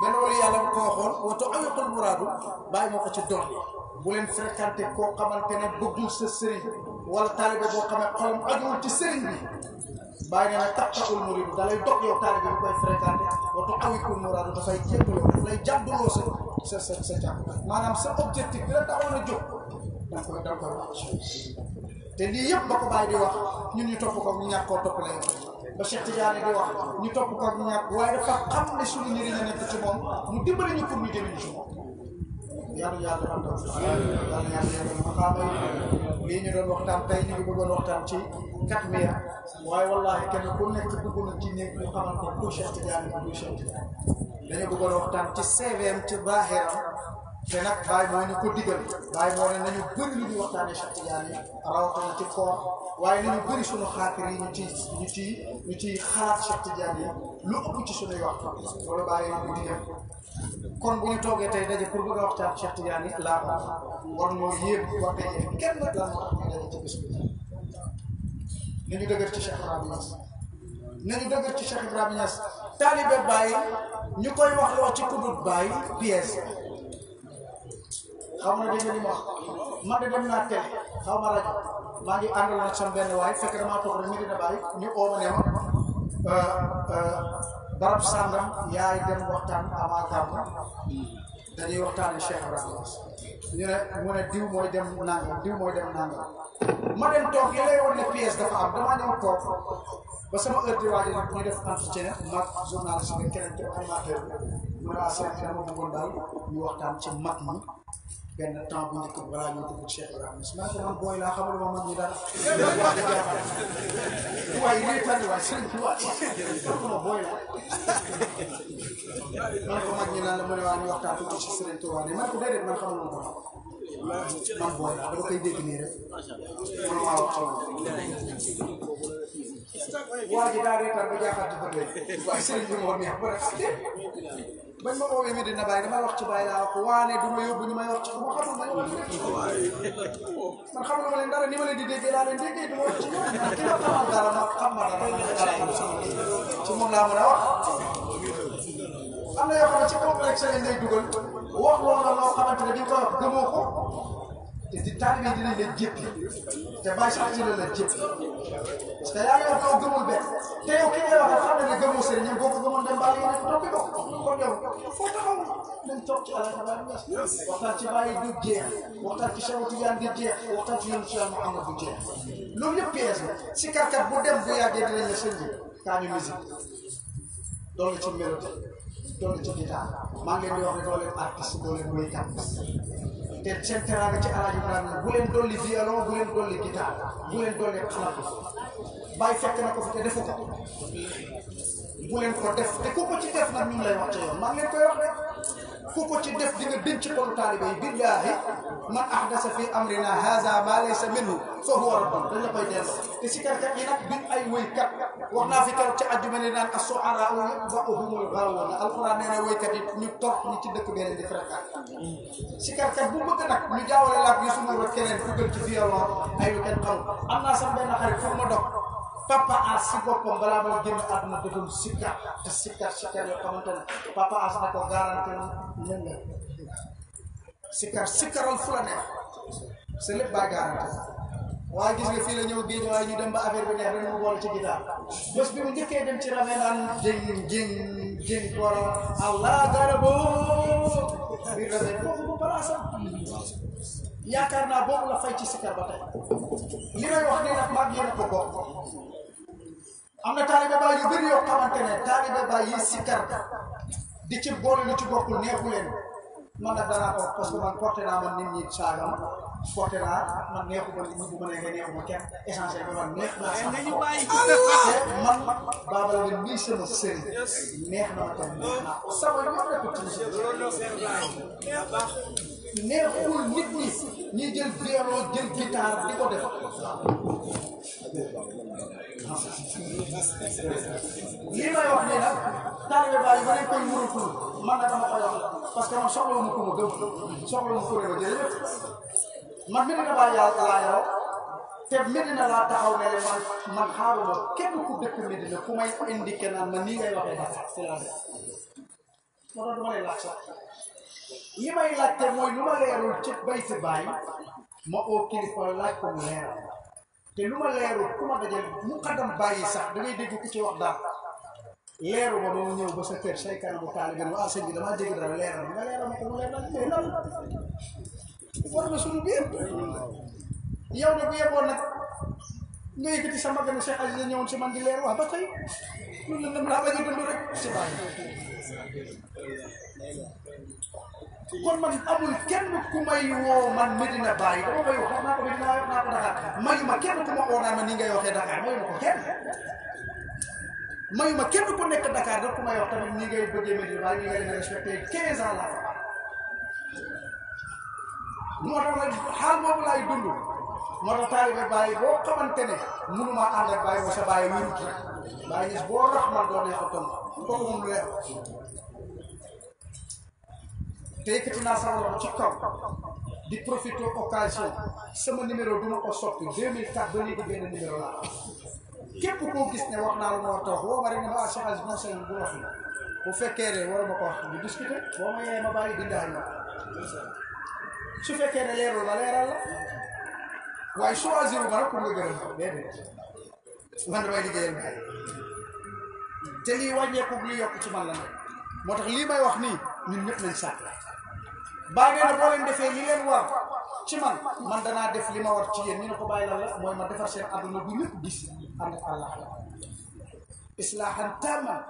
benn wala yàlla ko waxoon wa tu'ayyiqul muraadu bàyyi moo ko ci dolli bu leen fréquenté koo xamante ne bëggul sa sëriñ wala taalibe boo xam ne xolam ajuwul ci sëriñ bi bàyyi ne taqul muriidu da lay dog muraadu dafay jébbaloo daf lay jàdduloo sa sa sa maanaam sa objectif la taxoon a jóg da te lii yëpp ba ko bàyyi di wax ñun ñu topp ko ñu ñàkk koo topp la ba Cheikh Tidiane di wax ñu topp ko ñu ñàkk waaye dafa xam ne suñu njëriñ la nekk ci moom dimbali ñu pour ñu jëriñ ci moom yàlla yàlla ràndal yàlla yàlla yàlla yi lii ñu doon waxtaan tey ñu ngi bëggoon waxtaan ci katmiya waaye wallaahi kenn ku nekk bëgg na ci nekk ñu xamal ko ku Cheikh Tidiane bu Cheikh Tidiane dañu bëggoon waxtaan ci CVM ci baaxiram te nag Baye mooy ñu ko digal Baye moo ne nañu bëri lu ñuy waxtaanee Cheikh Tidiane rawatina ci koor waaye nañu bëri sunu xaatir ñu ciy ñu ciy ñu ciy xalaat Cheikh Tidiane lu ëpp ci sunuy wax loolu Baye mu digal kon bu ñu toogee tey a waxtaan Cheikh Tidiane laa war ñoo yéem war na yéem kenn nag laa moo ñu daje ci bis bi nañu dëgër ci Cheikh Ibrahima Niass nañu dëgër ci Cheikh Ibrahima Niass taalibe ñu koy wax ci kudut Baye pièce xaw ma ma wax man de dem naa télé xaw ma rajo maa ngi àndal sama benn waay fekk damaa toog rek Medina ñu oo ma ne ma euh, euh, barab sàngam waxtaan ñu ne mu ne diw mooy dem nangam diw mooy dem nangam ma dem toog yi woon ne pièce dafa am damaa ñëw toog ba sama heure di waaje nag ñu def entretien mag journaliste bi keneen te animateur bi mu ne ah Cheikh dama bëggoon daal ñu waxtaan ci mag ñi benn temps bu njëkk balaa ñoo dugg Cheikh Ibrahima su ma ko booy laa xamul ma mag ñi dara. waaye lii tànn waaye sëñ bi waaye ma booy laa. man ko mag ñi naan la ma ne waa ñu waxtaan tuuti ci Serigne Touba ne man ko déedéet man xamul ma ko man boo dama koy dégg nii rek man waaw xaw waa ji daa reetaan ba jaaxaat ba tey waaye sëriñ bi moo neex ba rek bañ ma oowee mi dina bàyyi damay wax ci bàyyi laa ko waane du ma yóbbu ñu may wax ci ko ma xamul may wax ci man xam nga ma leen dara ni ma leen di déggee laa leen déggee du ma wax ci ñoom ki ma xamal dara ma xam ma dara ci moom laa mën a wax am na yoo xam ne ci complexe lañ lay dugal wax loo la loo xamante ne bi nga ko gëmoo ko te di taalibe dinañ la jéppi te bàyyi sax dina la jéppi parce que yaa ngi wax loo gëmul benn te yow ki ngay wax xam ne ne gëmoo sëriñ ñoom boo ko gëmoon dem bàyyi yeneen toppi ko kon yow foo taxaw nañ toog ci àll xabaar bi waxtaan ci bàyyi du jeex waxtaan ci Cheikh Tidiane di jeex waxtaan ci yoonu Cheikh Mouhamed du jeex loolu yëpp pièce la si karkat bu dem bu yàggee dinañ la sëriñ kaa ñu musique loolu ci mélodie doole jox état maa ngi leen di wax ne doo leen artiste doo leen wéykat te seen teraanga ci alaaji Ibrahima bu leen dolli violon bu leen dolli guitare bu leen dolli xalaat bàyyi fekk na ko fi te defu ko ko def te ku ko ci def nag ñu lay wax ca yoon maa ngi ku ko ci def di nga denc xolu taalibe yi billahi man ahdasa fi amrina haza ma laysa minhu fa huwa rabbun dañ la koy delloo te sikarkat yi nag duñ ay woykat wax naa fi keroog ca àjjuma ne naan as-su'ara yatba'uhumul gharawun alquran nee na woykat yi ñu topp ñu ci dëkk beneen di fréquent sikarkat bu bëgg nag ñu jaawale laak Youssou Ndour ak keneen ku gën ci violon ay lu kenn xam am naa sax benn xarit foog ma dog papa as si boppam bala ma génn aduna dëggum sikka te sikka sikka ya, yo xamantene papa as na ko garanté non la sikka sikka ron fula ne ya. c'est le ba garantie waaye gis nga fi la ñew géej waaye ñu dem ba affaire bi neex dañu wol ci gitaar bés bi mu njëkkee dem ci ramee nan jeng jeng jeng borom allah darbu boo biir ramee kooku bu balaasam yaakaar naa boobu la fay ci sikkar ba tey li may wax ne nag maag yéen a ko am na taalibe baay yu bëri yoo xamante ne taalibe baay yi sikkar di ci boole lu ci bokkul neexu leen man nag danaa ko parce que man porté naa man nit ñi saaga ma naa man neexu ma nit ñi bu ma neexee neexu ma kenn essentiel bi man neex naa sax man baabal nga nii sama sëriñ neex naa ko neex naa ko neexul nit ñi ñi jël vélo jël guitare di ko def lii may wax nii nag taalibe Baay ba koy mënatul man dama koy wax parce que man soxla mu ko mu gëm soxla mu ko réew jërëjëf man mi dina bàyyi yàlla laa yow te Medina laa taxaw ne la man man xaaruma képp ku dëkk ma nii ngay waxee ma c'est la moo yi may laajte mooy lu ma leerul ci bay si baay ma oo kilifa laaj ko mu te lu ma leerul ku ma dajal mu xadam bàyyi sax da ngay dégg ku ci wax daal leeru ba ba ñëw ba sa kër say kanam bu taalibe bi waa ah, sëñ bi damaa dégg dara leeral ma ko mu leer na mais lan war na suñu biir yow de bu yeboon nag nga yëkkati sa mbagg na Cheikh Aziz ñëwoon si man di leer wax ba tey loolu la dem laa bañ a dund rek si bàyyi kon man amul kenn ku may woo man Medina Baye dama koy wax naa ko Medina naa kenn ku ma woo ma ni ngay waxee Dakar mayuma ko kenn kenn ku nekk Dakar rek ku may wax tamit ni ngay bëggee Medina Baye ni ngay leen respecté 15 ans moo tax nag xaal boobu laay dund moo tax taalibe bàyyi boo xamante ne mënumaa ànd bàyyi mos a bàyyi wéru bàyyi boo raxmal doo neex a tontu kooku moom lu leer te yëkkati naa sama loxo ko soppi ne wax ne ma assurance bi mos ma su fekkee ne leerul la leeral la. waaye choisir wu ma nag pour nga gërëm ko déedéet li yokk ci man la nag moo tax lii may wax nii ñun ñëpp nañ sàkk baa ngeen boo leen defee li leen war ci man man danaa def li ma war ci yéen ñu ne ko bàyyi lan mooy ma defar seen àdduna bu ñëpp gis ànd ak àllaaxira islaahan taaman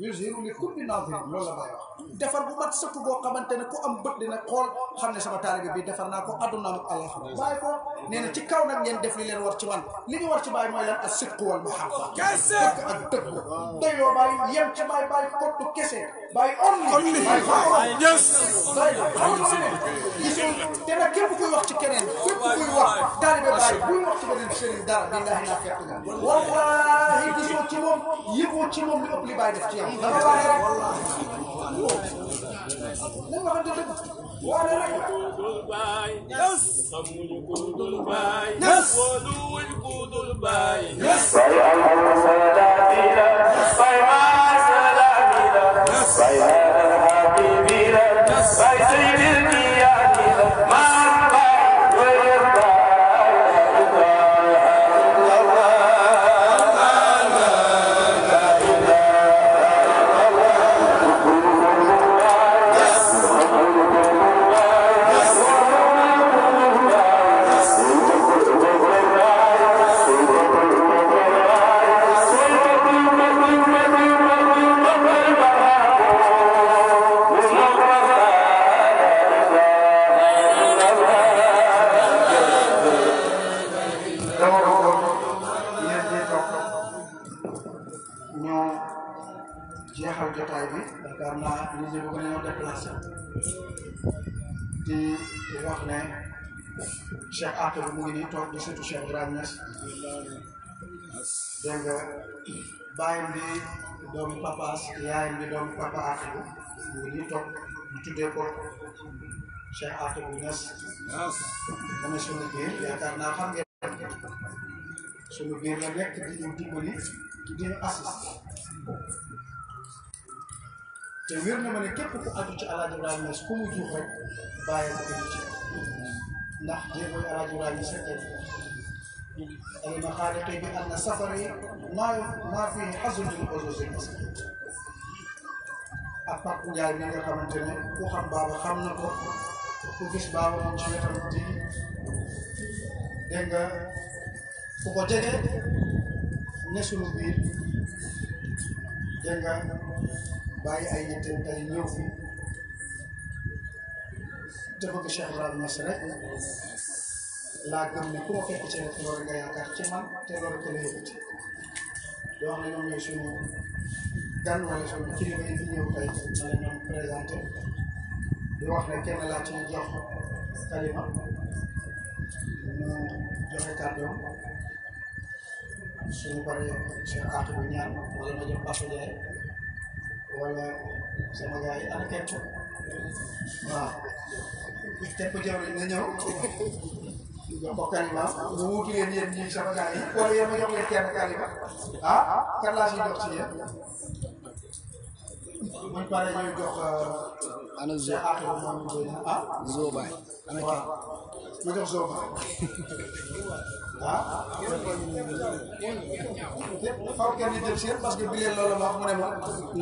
yuzhiru li kulli naadirin loolu la may wax defar bu mat sëkk boo xamante ne ku am bët dina xool xam ne sama taalibe bi defar naa ko addunaam ak allah xam bàyyi ko nee na ci kaw nag ngeen def li leen war ci man li ñu war ci bàyyi mooy lan ak sidqu wal mahabba kese ak dëgg doyloo bàyyi yem ci bàyyi bàyyi kottu kese bàyyi onni bàyyi bàyyi yes te nag képp kuy wax ci keneen képp kuy wax taalibe bàyyi buy wax ci beneen sëriñ dara billahi naa fekk nga because your team of you go team of you play by the team. Never by Yes. Yes. Yes. Yes. Cheikh Atta bi mu ngi nii toog di surtout Cheikh Ibrahima Niass dégg bi doomu papa yaayam bi doomu papa Atta bi mu ngi nii toog ñu tuddee ko Cheikh Atta bu Niass mu ne suñu biir yaakaar naa xam ngeen suñu biir la nekk di ñu dimbali di ñu assisté te wér na ma ne képp ku aju ci Alaaji Ibrahima ku mu juux rek bàyyi ko ci ndax jéegoy alaaji Ibrahima Seck المخالق بأن سفري ما ما فيه حزن من أزوز المسلمين ak Pape Ndiaye mi nga xamante ne ku xam baaba xam na ko ku gis baaba moom ci wetam di dégg nga ko jege ne suñu biir dégg nga ay yitteem tey ñëw fi jëfandiku Cheikh Ibrahima Niass rek laa gëm ne ku ma fekk loolu nga yaakaar ci te loolu te la yëkkati ñëw tey leen doon présenté wax ne kenn laa ci jox kalima mu joxe kàddoom suñu paree Cheikh Atou ñaan wala ma jox Bassou Ndiaye wala sama gars yi ànd teg ko jawriñ nga ñëw ko kalima nga wuutu leen yéen ñii sama gars yi wala yéen ma jox leen kenn kalima ah kan laa jox ci yéen buñ jox euh, ana ah? ah faw kenn jël seen parce que bi loolu wax mu ne ma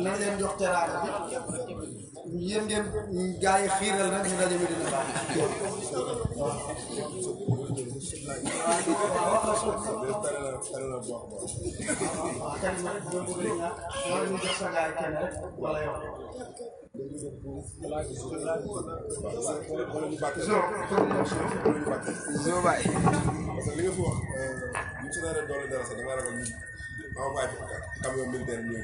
na leen jox teraanga bi yéen ngeen gaa yi xiiral nag ñu daje mi dina baax zo bay parce que li nga fi wax ñu ci dara doole dara sax dama ragal ñu envoyé camion militaire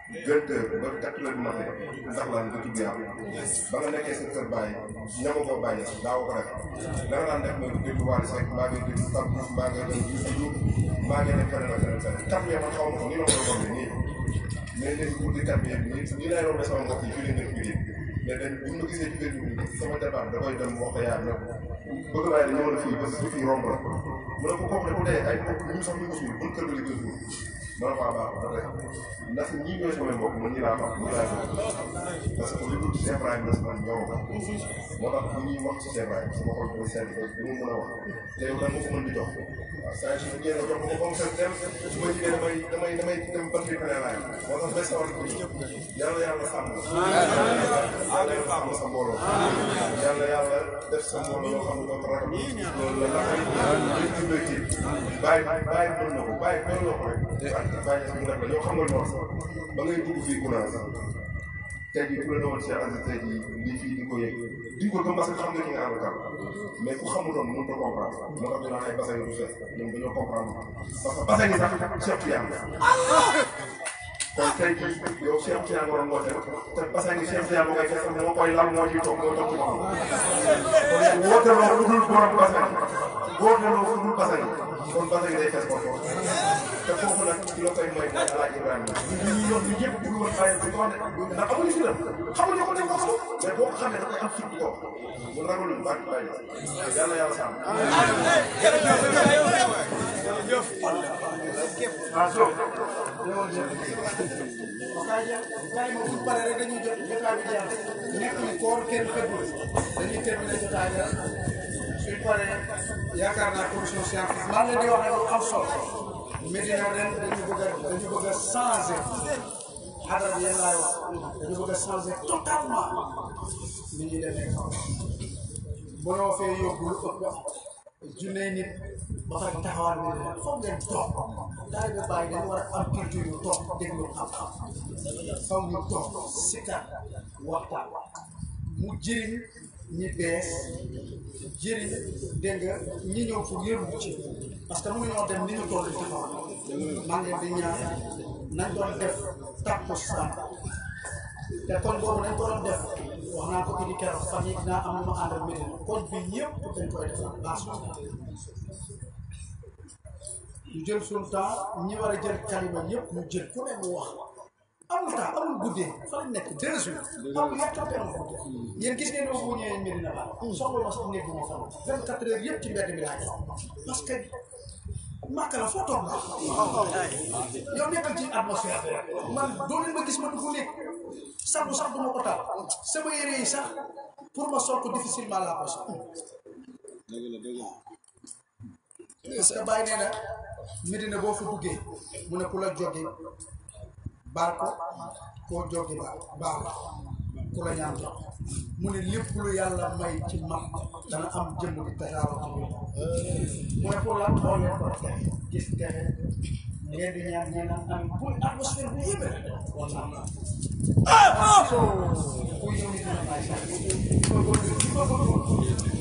vingt heures ba quatre heures du matin ndax laan nga tudd yàlla ba nga nekkee sa kër bàyyi ña ma koo bàyyi daaw ko def la nga daan def mooy déglu Wally Seck maa ngi déglu Pape Diouf maa ngi déglu Youssou Ndour maa ngi nekk feneen ak feneen feneen tarbiya nii la nii mais léegi di tarbiya bi nii nii laay rombee sama mbokk yi fii lañ nekk fii mais dañ bu ma gisee ci biir sama débat da koy dem ko yaay nag bëgg naa ne ñëw na fii ba fii romb la mu ne ko kooku ne ku dee ay mbokk ñun sax ñu ngi suul buñ kër ga li ko suul man faa baax ba tey ndax ñii ñooy samay mbokk man ñii laa baax ñii laa baax parce que li mu Cheikh Ibrahima la man ñoo ko moo tax bu ñuy wax ci Cheikh Ibrahima sama xol mooy sedd bi mu mën a wax te yow daal ko mën di jox waaw saa su ñëwee nga jox ko comme seen dem su ma jigéen damay damay damay dem ba fi feneen laay moo tax bés war ko ñëw yàlla yàlla sàmm yàlla yàlla sàmm sa mbooloo yàlla yàlla def sa mbooloo yoo xam ne dootu ragal loolu la lay tiim bàyyi bàyyi mën na ko bàyyi mën na ko rek bàyyi mu def la yow xam nga noonu ba ngay dugg fii Gounass tey jii bu la doon Cheikh Aziz tey jii lii fii di ko yëg di ko gëm parce que xam nga ki nga àndal mais ku xamuloon mënut a comprendre moo tax ñu naan ay bassin yu du fees ñoom dañoo comprendre parce que bassin yi sax Cheikh Tidiane kon tey jii yow Cheikh Thiago waroon woote te Basan gi Cheikh Thiago ngay def moo koy lam moo ciy toog moo toog ci moom woote loo lu dul borom Basan woote loo lu dul Basan kon Basan day fes boppam te foofu nag ci la koy mooy mooy El Hadj Ibrahima ñun ñii yoon bi ñëpp bu ñu woon bàyyi bu ñu ko wax ndax amuñu fi la xamuñu ko ne ko xamul mais boo ko xamee da koy am fit ko mu ragalul bàq bàyyi yàlla yàlla sàmm. jërëjëf. waaw so. waaye waaye moom bu ñu paree rek dañuy jot jotaay bi jeex nekk ni koor kenn xëddul dañuy terminé jotaay bi rek suñ paree yaakaar naa commission scientifique maa ngi leen di wax rek lu am solo Médina ren dañu bëgg a dañu bëgg a changé xadar bi yéen laay wax dañu bëgg a changé totalement ni ñuy defee kaw mënoo fee yóbbu lu ëpp junne nit ba pare taxawal bi ne foog ngeen toog daal di bàyyi dañu war a am culture yu toog déglu xam foog ñu toog sikkat waxtaan mu jëriñ ñi bees jëriñ dégg ñi ñëw pour yëngu ci parce que mu ñoo dem ni ñu toll ci man leen di ñaan nañ doon def takku saa te boobu dañ ko doon def wax naa ko indi keroog fan yii dinaa am lu ma àndal météo kon bi yëpp dañ koy def baax ñu jël suñu temps ñi war jël kalima yëpp ñu jël ku ne mu wax amul temps amul guddee fa lañ nekk deux jours amul yàkkante amul guddee yéen gis ngeen ne bu ñëwee Medina Baay hmm. soxla ma sax nekk ma fa vingt quatre heures yëpp ci mbedd mi laaj parce que màkk la foo toog yow nekkal ci atmosphère man doo leen ma gis ma dugg nekk sangu sax du ma sama yére yi sax pour ma sol ko difficilement laa ko sol. bàyyi nee na Medina boo fa duggee mu ne ku la joggi baal ko koo joggi baal baal ku la ñaan jox. mu ne lépp lu yàlla may ci man dana am jëmm bi tasaaroo ci biir mooy pour la xoolee ko gis nga ngeen di am atmosphère bu ah ah may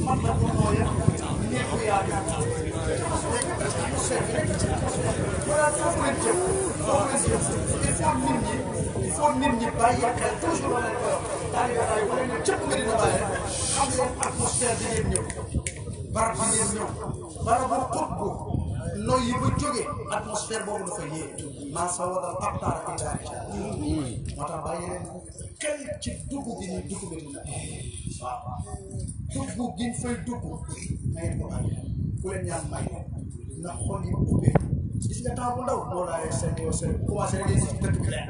man la ko nekk yaa atmosphère faut nit ñi bàyyi toujours ma cëpp nga dina bàyyi xam leen atmosphère bi ngeen ñëw barabu xóot ko yi ba jógee atmosphère boobu dafa yéeg maa sa waral abtaar ak jaari moo tax bàyyi leen kenn ci dugg gi ñu dugg bi dina waaw dugg gi ñu fay dugg nañ ko bàyyi ku gis nga temps bu ndaw moo laa yegg seen seen commencé rek ngeen gis dëkk clair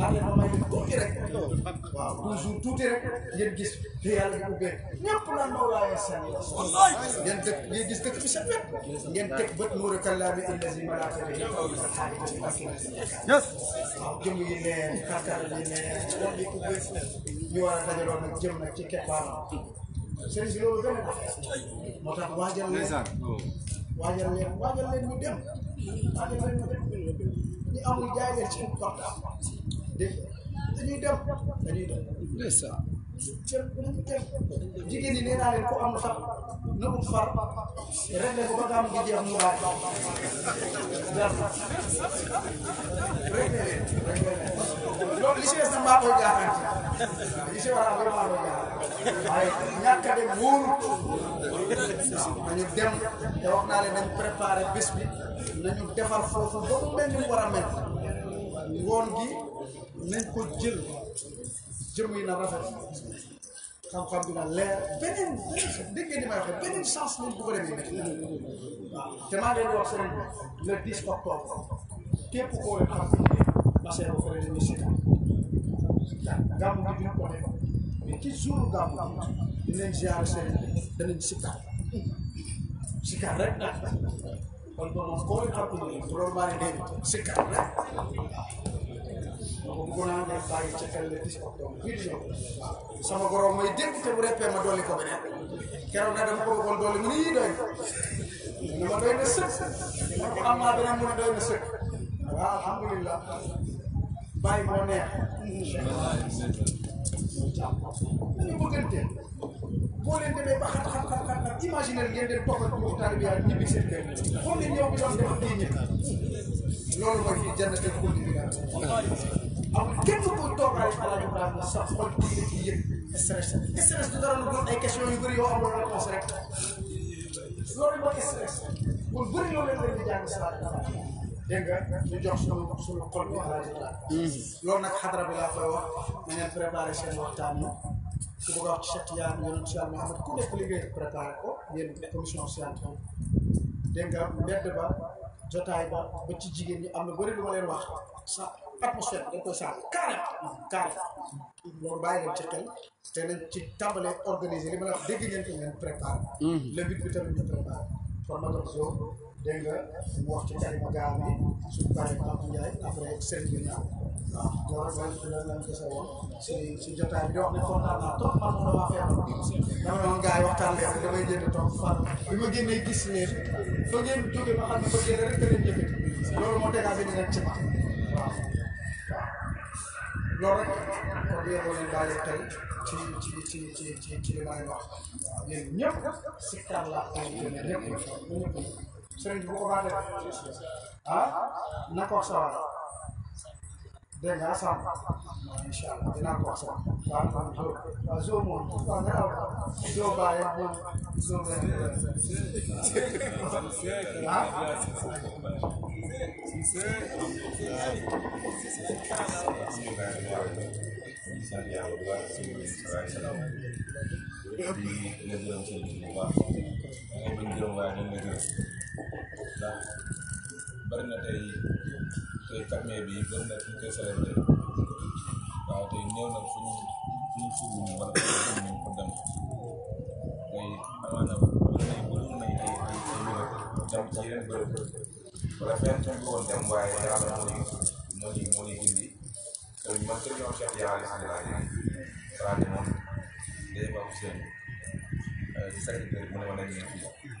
xaar leen ma may leen tuuti rek waaw toujours tuuti rek ngeen gis te yàlla bu ubbee ñëpp naan moo laa ngeen ngeen gis dëkk bi set ngeen teg bët nuuru kallaa bi allazi malaaka bi yes waaw jëm yi leer kàttan yi leer a dajaloo nag jëm nag ci keppaaram sëriñ si loolu gën a moo waajal leen waajal leen waajal dem ñu amul jaay leen ci portable dañuy dem dañuy dem cër jigéen ñi nee naa ko am sax na ut far réglé ko ba mu baax jar réglé leen donc li si des nag maa koy garanti li si war a am maa koy ñàkk a dem wóorul nañu dem te wax naa leen nañ préparé bés bi nañu defar foofu ba mu mel ni war a mel woon gi nañ ko jël. jëm yi na rafet xam-xam bi na leer beneen dégg ngeen ni may waxee beneen chance lañ ko ko demee waaw te maa leen wax sëriñ bi le 10 octobre képp koo leen xam na seen ko leen di seetaan gàmmu gi dina ko def mais ci jour gàmmu gi dinañ ziar sëriñ bi danañ sikkaar sikkaar rek ba moom koo leen xam ne loolu maa leen dégg sikkaar rek bëggoon naa leen bàyyi ca xel le 10 octobre bii di ñëw sama borom may dégg te bu reppee ma dolli ko beneen keroog nag dama ko bëggoon dolli mu nii doy na ma doy na sëkk ma ko am naa beneen mu ne doy na sëkk waaw alhamdulilah bàyyi moo neex ñu bëggante boo leen demee ba xat xat xat xat imaginer ngeen dem toog ak mbokk tarbiya ñibbi seen kër xool leen yow bi doon def ak loolu mooy fii jannatul xuldi bi amul kenn ku toog Aliou Falaye Ibrahima sax xool tuuti ci yëpp stress stress du dara lu dul ay question yu bëri yoo amul réponse rek loolu mooy stress kon bëri yoo leen leen di jàng si waat dégg nga ñu jox suñu suñu xol bi Alaaji loolu nag xadra bi laa koy wax na ngeen préparé seen waxtaan yi ku bëgg a wax ci Cheikh Yane yéen incha allah ku nekk liggéey préparé ko yéen commission scientifique dégg nga mbedd ba. jotaay ba ba ci jigéen ñi am na bëri lu ma leen wax sa atmosphère dañ koy sàmm carrément carrément loolu bàyyi leen ci xel te nañ ci tàmbalee organiser li ma la wax dégg ngeen ko ngeen préparé. Mm-hmm. bi tamit ñu préparé formation. dégg nga mu wax ci carrément gaaw bi suñu paree ba am njaay après ma damaa feebar dama doon gars yi waxtaan leer damay jënd toog bi ma génnee gis ne fa ngeen ma xam ne fa génne rek leen jëfee loolu moo dégagé ni leen ci ma waaw loolu moo leen bàyyi tey ci ci ci ci sëriñ bu ko baaxee ah na ko wax sa allah dinaa ko wax sa waay waaw waaw waaw zoo moom waaw nga aw zoo bàyyi moom na bari na tey tey carnet bi bari na fuñ koy sarete waaw tey néew na fuñ fuñ fuñ ni wala ko dem ni ko dem tey amana bari na bari na tey ay ay ñu rek dem ci yeen bari ko wala fen tan ko won dem waye dara na moy moy moy indi tey ma ko ñoo xef ya ali sallallahu alayhi wasallam dara di mo dey ba ko seen euh di sa ko mo ne wala ñu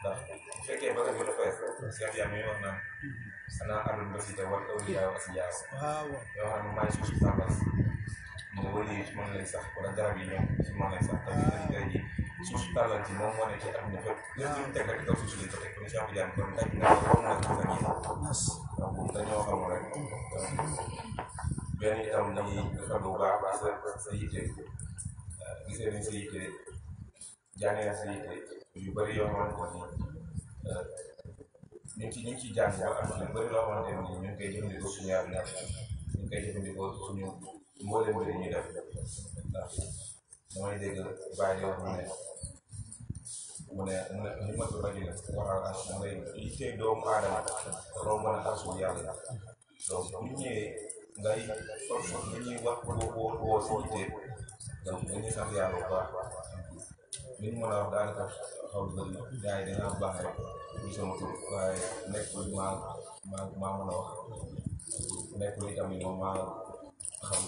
ndax bu fekkee ba nga koy Cheikh Dia mi wax naan sanaa alul basita wal awliya wa asiya waaw yoo xam ne maa ngi sax wala garab ñoom ci mën lay sax tamit dañu tey ji suuf tàllal moom moo nekk ci adduna fépp lépp lu mu si lañ ko teg kon Cheikh Dia na ko na ko fan donc dañoo xam rek benn itam nañuy xam bu baax sa sa yitte gisee ni sa yitte jaanee na sa yitte yu bëri yoo xamante euh, ni ñu ci ñu ngi ciy jàng ba am lu bëri loo xamante ni ñu ngi koy jëfandikoo suñu yaatu ñu ngi koy jëfandikoo suñu def ndax damay dégg bàyyi yoo xam ma ko bëri la waxal as mu ne doomu aadama romb na asu yàlla donc bu ñëwee ngay wax woo woo si yitte donc dañuy sant yàlla bu li ñu mën a wax daanaka xaw ma bëri na gars yi dañoo baax rek ñu waaye nekkul maa maa maa a wax nekkul itam ni moom maa xam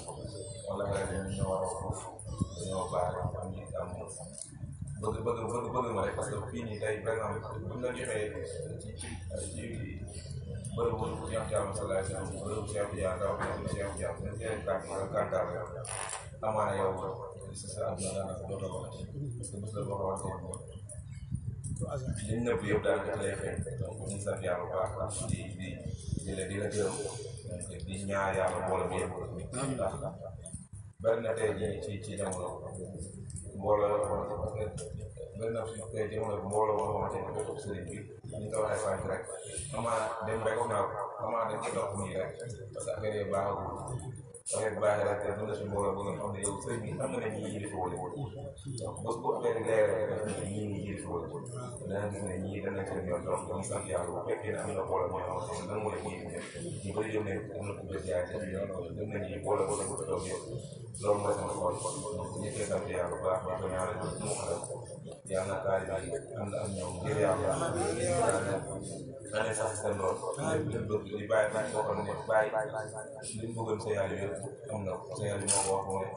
wala nga ne ñoo war a foofu dañoo ma rek parce que fii nii tey par exemple buñ salaam daanaka dootoo ko waxati parce que bés la boo ko waxee li mu nëbb yëpp daanaka ñu sant yàlla baax di di di di la gërëm di ñaar yàlla mbooloo bi yëpp ndax bari na tey jii ci ci jamono mbooloo yoo xamante parce que bari na fi tey jamono mbooloo boo ñu ko waxee sànq rek xamaa dem rek naaw xamaa dem ko dox nii rek parce que affaire yi baaxagul da ngay baaxee rek ñu ne suñu mbooloo ba nga xam ne yow sëñ bi xam nga ne ñii yële fi wala wala donc bés bu affaire leeral nga xam ne ñii ñii yële fi wala wala dana gis ne ñii dana seen yoon donc donc sant yàlla bu fekkee ne am na mbooloo mooy am xam lan mooy ñii def ñu bëri dem nañ am na ku bëri jaay seen yoon dem nañu boole wala wala toog yow loolu mooy sama xool donc ñu koy sant yàlla bu baax baax ñaanal ñu mu xaral yàlla taal yi am na am ñoom ngir yàlla année sax seen lool lépp lépp di bàyyi bàyyi boo xam ne bàyyi li mu bëggoon sa yàlla yëpp am na parce que yàlla moo ko wax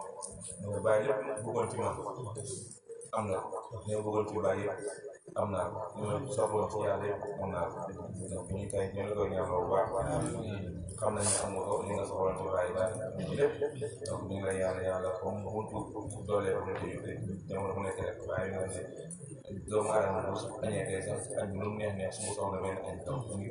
moom ñu bàyyi lépp bëggoon ci man am na ñu bëggoon ci bàyyi am naa ko ñu soxla ci yàlla yëpp mën naa ko donc ñu tey ñu ngi koy ñaanal bu baax xam nañ ne am nga ko li nga soxla ci bàyyi baax lépp donc ñu ngi lay yàlla yàlla comme buntu doole bu nekk yu jamono bu nekk rek bàyyi nga ne doomu aadama bu añee tey sax ak lu mu neex neex su mu soxla benn añ donc ñu ngi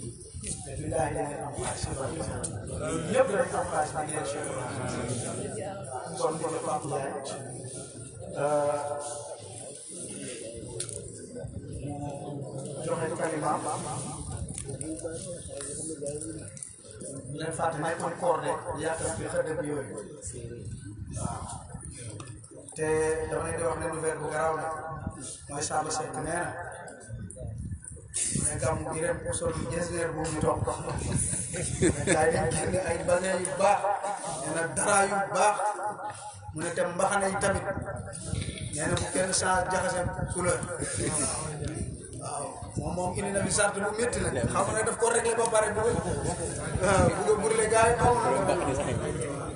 mais bi daal di am xaalis loolu yëpp rek am xaalis ak yeneen chef kon kon Pape Ndiaye mu joxe kalima ne Fatou may koy koorde yaatal bi xëdd bi yooyu te dama leen di wax ne lu verre bu garaaw mooy Samba Seck mais gàmmu gi ren mu sol jeseer bu ñu toog dox a gaa yi dañ baax nee na daraa yu mu ne te mbaxana yi tamit nee na bu kenn saa jaxase couleur waaw moom moom indi na fi sart bu métti la xam nga daf ko réglé ba pare bu ko bu ko burle gaa yi amul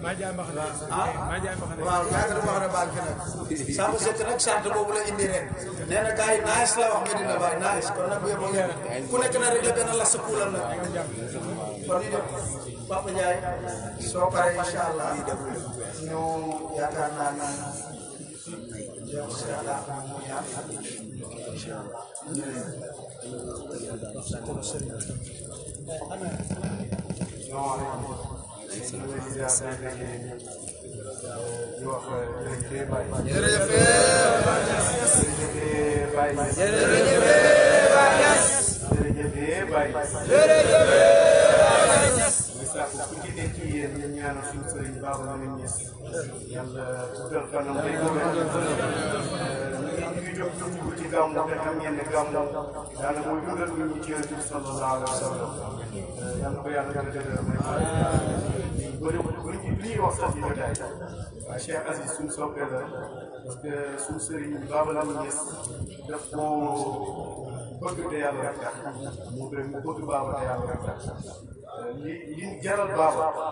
maa jaay mbaxana ah maa jaay mbaxana waaw yaa ngi mbaxana baal ki nag sàmm sett nag sant boobu la indi ren nee na gars yi naaj la wax medina baay naaj kon nag yóbbu ngeen ku allah Yàlla na ko yàlla gën a dëgëral bëri bëri li ñuy wax sax di jotaay waaye Cheikh Aziz suñu soppee la parce que suñu sëriñ Baba Lam Niass daf koo bëgg te yàlla rek tax mu bëgg Baba te yàlla rek tax میرے برکر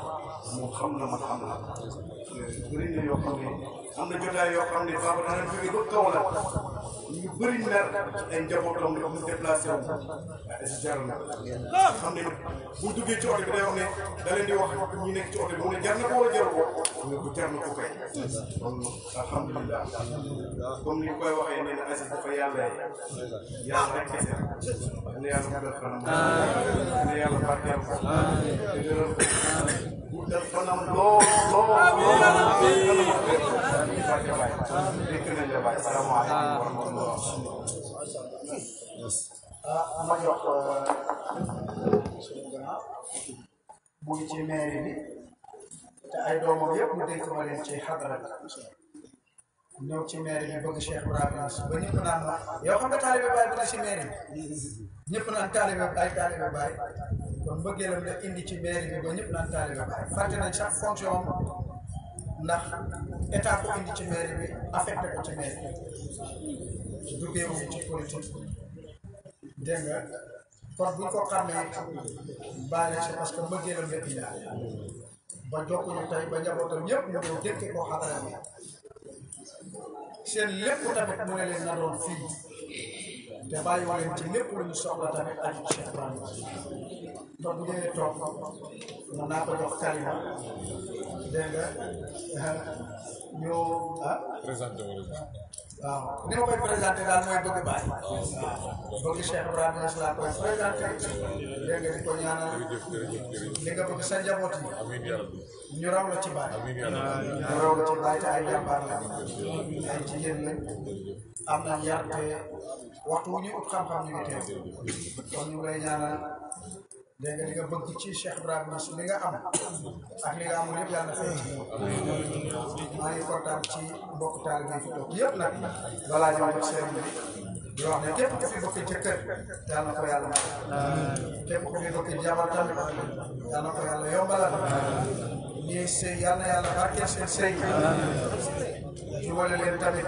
بٹلا سر پورت guddal fanam lool lool lool ma jox suñu gannaaw ci mairie bi te ay doomam yëpp mu dénk ma leen ci xadra ñëw ci mairie bi bëgg Cheikh Ibrahima ba ñëpp ma yow xam nga taalibe baay bu ne ci mairie bi ñëpp naan taalibe baay kon mbëggeelam na indi ci mairie bi ba ñëpp naan taalibe Baay fàtte nañ sax fonction ndax état ko indi ci mairie bi affecté ko ci mairie bi duggee moom ci politique dégg nga kon buñ ko xàmmee baale si parce que mbëggeelam la indi ba jokkuñu tey ba njabootam ñëpp ñu doon dékkee ko xadara bi seen lépp tamit mu ne leen na doon fii te bàyyi leen ci lépp lu ñu soxla tamit ay cheytaan te bu dee toog mën naa ko jox kalima dégg nga ñoo ah. présenté waaw ni ma koy présenté daal mooy bëgg baay. bëgg Cheikh Ibrahima Niass laa koy présenté. dégg nga di ko ñaanal. li nga bëgg sa njaboot yi. ñu raw la ci baay. ñu raw la ci baay te ay jàmbaar la ay jigéen lañ. am na yar te waxtu wu ñu ut xam-xam ñu ngi teew kon ñu ngi lay ñaanal. dégg nga li nga bëgg ci Cheikh Ibrahima Niass li nga am ak li nga amul yëpp yàlla na fay ci maa ngi kontaan ci mbokk taal bi fi toog yëpp nag balaa ñoo ñëw seen bi di wax ne képp ku fi bëgg jëkkër yàlla na ko yàlla may képp ku fi bëgg jabar tamit yàlla na ko yàlla yombalal ñii sëy yàlla na yàlla barkeel seen sëy jubale leen tamit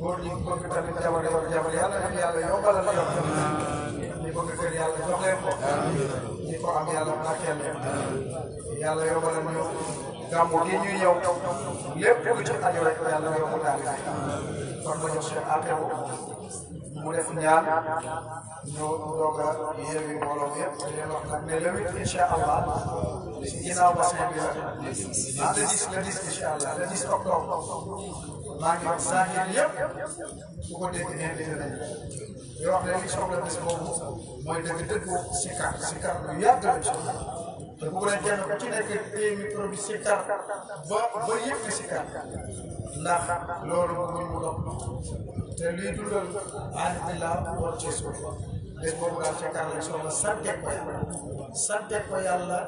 góor ñi bëgg tamit jabar jabar jabar yàlla na yàlla yombalal yokk jëkkër yàlla jox leen ko ñi ko am yàlla barkeel leen yàlla yóbbalal ñu gàmmu gi ñuy ñëw lépp lu ci aju rek yàlla di leen wax nag ne le huit incha allah ginnaaw bassin maa ngi wax saa yéen yëpp bu ko dégg ñeent yéen lañ yoo xam ne li soxla bis boobu mooy dëgg dëggu sikar sikar lu yàgg lañ soxla te bu ko leen kenn ku ci nekk téemi produit sikar ba ba yëpp sikar ndax loolu muñ mu dox te lii dundal alhamdulilah war ci suuf bés boobu daal sikar lañ soxla sante ko yàlla sante ko yàlla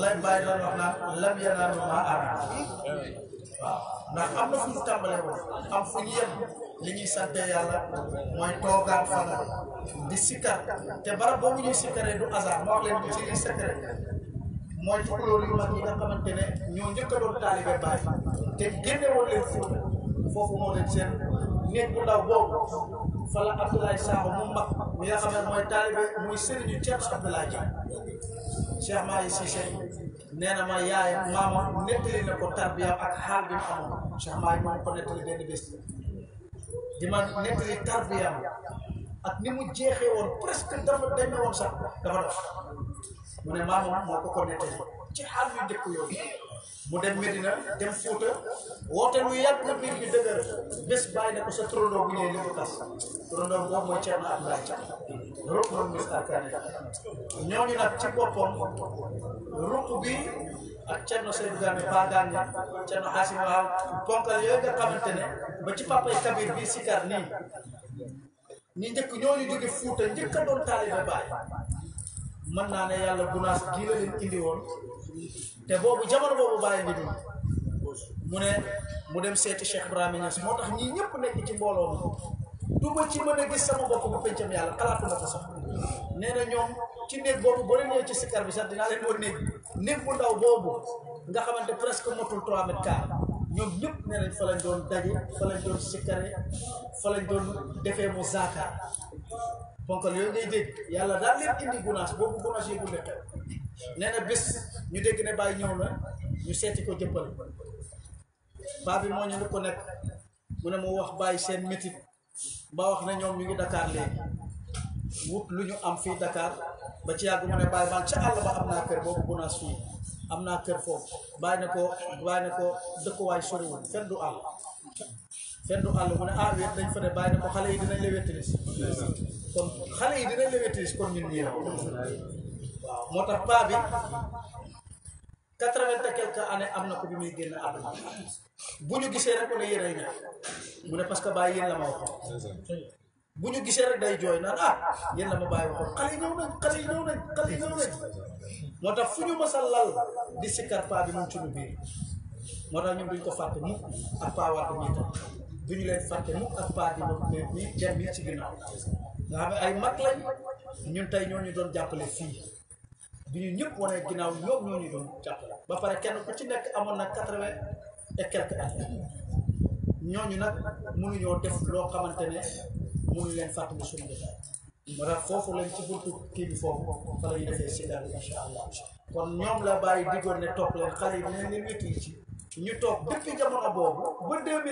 lay bàyyi doon wax naan lam yanaalu maa ara waaw ndax am na fu ñu tàmbalee am fu ñu yem li ñuy sant yàlla mooy toogaat fana di sikkar te barab boobu ñuy sikkaree du hasard ma leen bi ci liy secret mooy tukulóor yu mag yi nga xamante ne ñoo njëkk a doon taalibe Baay te génne woon leen foofu foofu moo leen seen néeg bu ndaw boobu fa la Abdoulaye Sakho mu mag mi nga xam mooy taalibe muy sëriñu Cheikh Abdoulaye Dia Cheikh Mahi Cissé nee na ma yaayam maama nettali na ko tarbiya ak xaal bi mu amoon Cheikh Mahi moom ko nettali benn bés di ma nettali tarbiyaam ak ni mu jeexee woon presque dafa demee woon sax dafa dof mu ne maamam moo ko ko nettali ci xaal yu njëkk yooyu mu dem Medina dem Fuuta woote lu yàgg mbir bi dëgër bés bàyyi ne ko sa turandoo bu ñëwee li ko tas turandoo boobu mooy Thierno Abdoulaye Thiam ruq ci boppam ruq bi ak ba ci papay Kabir bii Sikar nii ñi njëkk ñooñu jóge Fuuta njëkk a doon taalibe Baay mën naa ne yàlla gunaas gii la leen indi woon te boobu jamono boobu bàyyi ngi dund mu ne mu dem seeti Cheikh Ibrahima moo tax ñii ñëpp nekk ci mbooloo mi du ci mën a gis sama bopp bu pencam yàlla xalaatuma ko sax nee na ñoom ci néeg boobu boo leen ñëwee ci sikkar bi sax dinaa leen woon néeg néeg bu ndaw boobu nga xamante presque motul 3 mètres carrés ñoom ñëpp nee nañ fa lañ doon daje fa lañ doon sikkare fa lañ doon defee mu zaakaar ponkal yooyu ngay dégg yàlla daal leen indi gunaas boobu gunaas yi gunde xew nee ñu dégg ne bàyyi ñëw na ñu seeti ko jëppal baa bi moo ñu ko nekk mu ne mu wax bàyyi seen métit ba wax ne ñoom ñu ngi Dakar léegi wut lu ñu am fii Dakar ba ci yàgg ne bàyyi man ca àll ba am naa kër boobu gunaas fii am naa kër foofu bàyyi na ko bàyyi na ko dëkkuwaay soriwul fenn du àll fenn du àll mu ne ah wéet dañ fa ne bàyyi na ko xale yi dinañ la wéttali si kon xale yi dinañ la maîtrise comme ñun ñii waaw moo tax paa bi quatre-vingt et quelques années am na ko bi muy génn àdduna bu ñu gisee rek wala yéen ay ñaar mu ne parce que bàyyi yéen la ma waxoon bu ñu gisee rek day jooy naan ah yéen la ma bàyyi waxoon xale yi ñëw nañ xale yi ñëw nañ xale yi ñëw moo tax fu ñu mës a lal di sikkar paa bi moom suñu biir moo tax ñun duñ ko fàtte mukk ak paa war ñi tam duñu leen fàtte mukk ak paa di moom ñi dem ci ginnaaw nga ay mag lañ ñun tey ñoo ñu doon jàppale fii bi ñu ñëpp wane ginnaaw ñoom ñoo doon jàppale ba pare kenn ku ci nekk amoon na quatre-vingt et quelques at ñooñu nag mënuñoo def loo xamante ne mënu leen fàttali suñu jotaay moo tax foofu lañ ci buntu kii bi foofu fa la ñuy defee siddaal incha allah kon ñoom la bàyyi diggoon ne topp leen xale yi dinañ leen wétali ci ñu toog depuis jamono boobu ba deux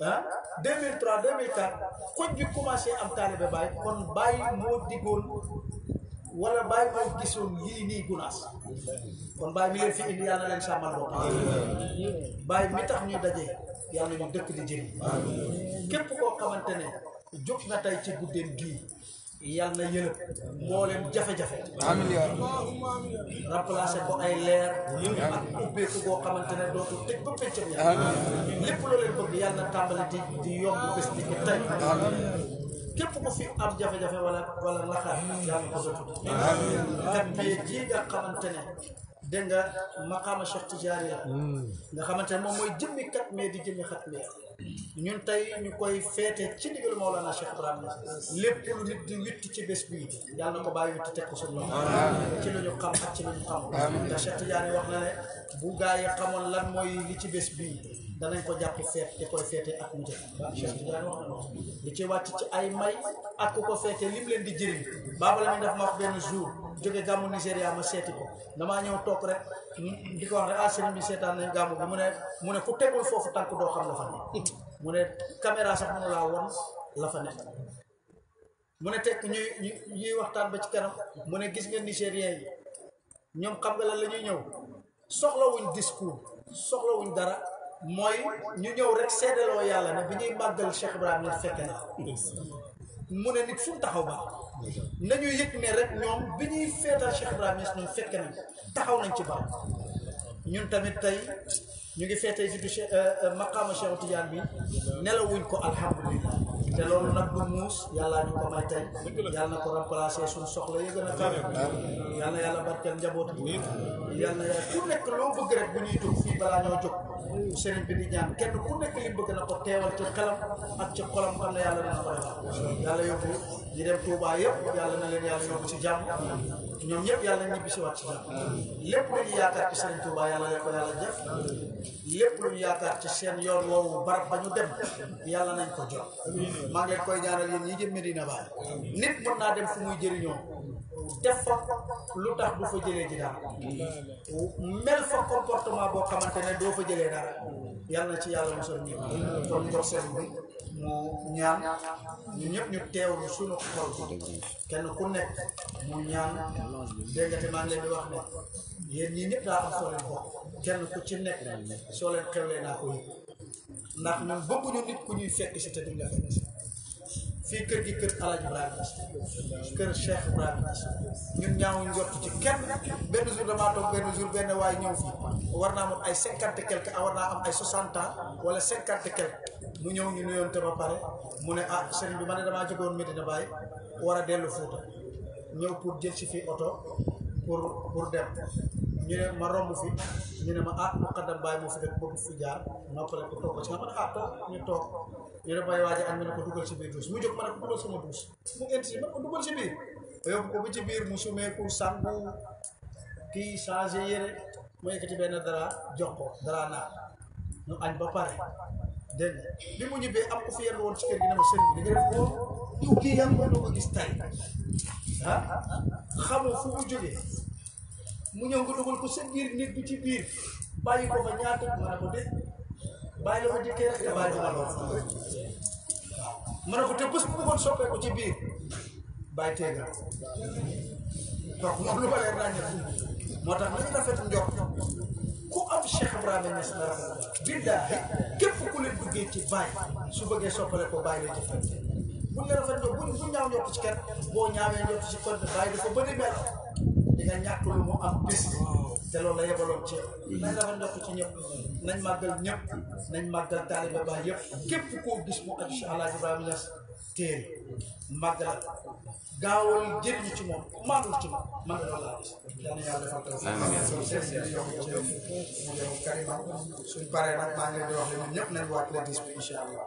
ah 2003 2004 koñ bi commencé am taalibe Baay kon Baay moo diggoon wala Baay moo gisoon yii nii gunaas kon Baay mi leen fi indi yàlla na leen Baay mi tax ñuy daje yàlla ñu dëkk di jëriñ képp koo xamante ne jóg na tey ci guddeem gii yal na yéen moo leen jafe-jafe. amiin yaa remplacé ko ay leer. ak ubbeeku boo xamante ne dootu tëj ba peccam yaa. lépp loo leen na tàmbali di di yomb bés di ko tey. képp fi am jafe-jafe wala wala laxaar yal na ko sotti. kat tey jii nga xamante dégg nga maqaama Cheikh Tidiane hmm. nga xamante ne moom mooy jëmmi kat mais di jëmmi xat mais ñun tey ñu koy feete ci ndigal Mawlana Cheikh Ibrahima lépp lu nit di witt ci bés bii yàlla na ko bàyyi witt teg ko suñu loxo ci lu ñu xam ak ci lu ñu xam ndax Cheikh Tidiane wax na ne bu lan mooy li ci bés bii danañ ko jàpp feet te koy feete ak wute li ci wàcc ci ay may ak ku ko feete lim leen di jëriñ baaba la ñu def ma wax benn jour jóge gàmmu Nigéria ma seeti ko damaa ñëw toog rek di ko wax rek ah sëriñ seetaan nañ gàmmu bi mu ne mu ne ku tegul foofu tànk doo xam la fa ne mu ne caméra sax mu ne laa won la fa ne mu ne tekk ñuy ñuy waxtaan ba ci kanam mu ne gis nga Nigérien yi ñoom xam nga lan la ñuy ñëw soxlawuñ discours soxlawuñ dara mooy ñu ñëw rek seedeloo yàlla ne bi ñuy màggal Cheikh Ibrahima la fekke na mu ne nit fu mu taxaw baax nañu yëg ne rek ñoom bi ñuy feetal Cheikh Ibrahima ñoom fekke nañ taxaw nañ ci baax ñun tamit tey ñu ngi feetee juddu Cheikh euh, euh, maqaama Cheikh Tidiane bi nelawuñ ko alhamdulilah te loolu nag du muus yàlla ñu ko may yàlla na ko remplacer suñu soxla yi gën a kawe yàlla yàlla barkeel njaboot bi yàlla ku nekk loo bëgg rek bu ñuy jóg fii balaa ñoo jóg sëriñ bi di ñaan kenn ku nekk li bëgg na ko teewal ci xelam ak ci xolam xam ne yàlla dana ko def yàlla yóbbu ñu dem Touba yëpp yàlla na leen yàlla yóbbu ci jàmm ñoom ñëpp yàlla nañ ñibbi si waat ci jàmm lépp lu ñu yaakaar ci sëriñ Touba yàlla lépp lu ñu ci seen yoon woowu barab ba ñu dem yàlla nañ ko jot maa ngi koy ñaanal yéen ñi jëm na Baye nit mën naa dem fu muy jëriñoo def fa lu tax du fa jëlee ji dara mel fa comportement boo xamante ne doo fa jëlee dara yàlla na ci yàlla mosal ñëpp kon ndox seen bi mu ñaan ñu ñëpp ñu teewlu suñu xol kenn ku nekk mu ñaan dégg nga te maa ngi leen di wax ne yéen ñi ñëpp daa am soo leen bokk kenn ku ci nekk soo leen xewlee naa ko yëg ndax ñun bëgguñu nit ku ñuy fekk si te duñ la si fii kër gi kër El Hadj Ibrahima kër Cheikh Ibrahima ñun ñaawu njort ci kenn benn jour damaa toog benn jour benn waay ñëw fii war naa am ay cinquante quelque ah, war naa am ay soixante ans wala cinquante quelque mu ñëw ñu nuyoon te ba pare mu ne ah sëriñ bi ma ne damaa jógoon Medina Baye war a dellu Fuuta ñëw pour jël ci fi oto pour pour dem. ñu ne ma romb fi ñu ne ma ah muqaddam bàyyi moo fi def bëgg fi jaar noppale ko toog ko ci nga man ah toog ñu toog ñu ne bay waaji am na ko dugal ci biir duus mu jóg ma ne ko dugal sama duus mu inti ma ko ci ko bi ci biir mu sumeeku sangu kii changé yére mu yëkkati benn dara jox ko dara naa ñu añ ba pare dégg nga bi mu ñibbee am ko fi yenn woon ci kër gi ne sëriñ bi da ko kii yaa ko gis tay ah xamoo fu mu jógee mu ñëw nga dugal ko sa biir nit bi ci biir bàyyi ko ba ñaata mën a ko dégg bàyyi la ko dikkee rek te bàyyi ko lool mën a ko te bés bu bëggoon soppee ci biir bàyyi teegal donc moom lu ma leer moo tax nañu rafet njort ku am Cheikh Ibrahima Niass na rafet billaahi képp ku leen duggee ci bàyyi su bëggee soppale ko bàyyi la ci fekk buñ la rafet njort buñ bu ñaaw njort ci kenn boo ñaawee njort ci kon bàyyi dafa bëri mel nga ñàkk lu mu am bés te loolu la yebaloon ci mm-hmm. nañ la fa ndokk ci ñëpp nañ màggal ñëpp mm-hmm. nañ màggal taaliba baay yëpp képp koo gis mu aju si Alaaji Ibrahima Ñas téere màggal gaawal jëriñu ci moom maanul ci moom man la laa gis yàlla yàlla defal ko yow suñ paree nag maa ngi leen di wax ne ñëpp nañ waat le dix bi incha allah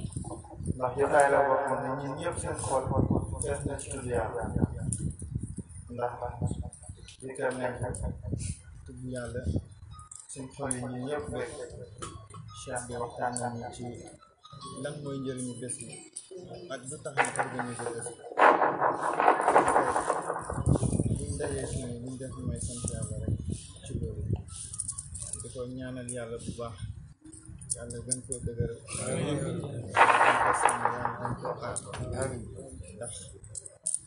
ndax jotaay la seen xool des na ci yi ñun ñëpp bég cheikh bi waxtaan nañu ci lan mooy njëriñu bés yi ak lu tax ñu organisé bés yi buñ dajee fii nii liñ sant yàlla rek ci loolu di ñaanal yàlla bu baax yàlla gën koo dëgëral ndax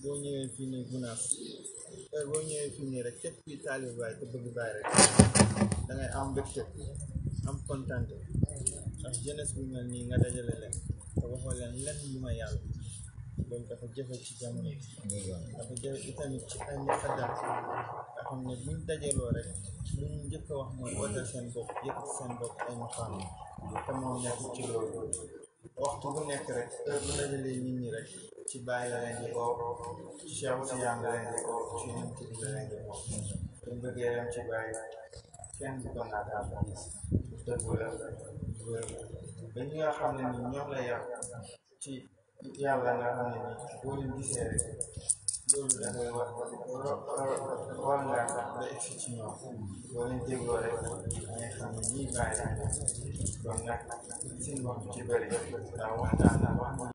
boo ñëwee fii nii gunaas boo ñëwee fii ni rek képp kuy taalib baay te bëgg baay rek da am mbégte am kontante ndax bu mel nii nga dajale leen te waxoo leen lenn loolu dafa jafe ci jamono dafa jafe itamit ci ay xadar nga xam mu buñ rek njëkk wax mooy watal seen bopp yëkkati seen bopp ay maqaam te moom nekk ci loolu waxtu bu nekk rek heure bu dajalee nit ñi rek ci bàyyi la leen di ci Cheikh ci ñun tudd la leen di oo buñ ci bàyyi kenn du xam ne ni ñoom la yàq ci yàlla nga xam ne nii boo leen gisee rek loolu war war ngaa tax ba egsi ci ñoom boo leen dégloo rek ngay xam ne ñii bàyyi la kon nag seen waxtu ci na wax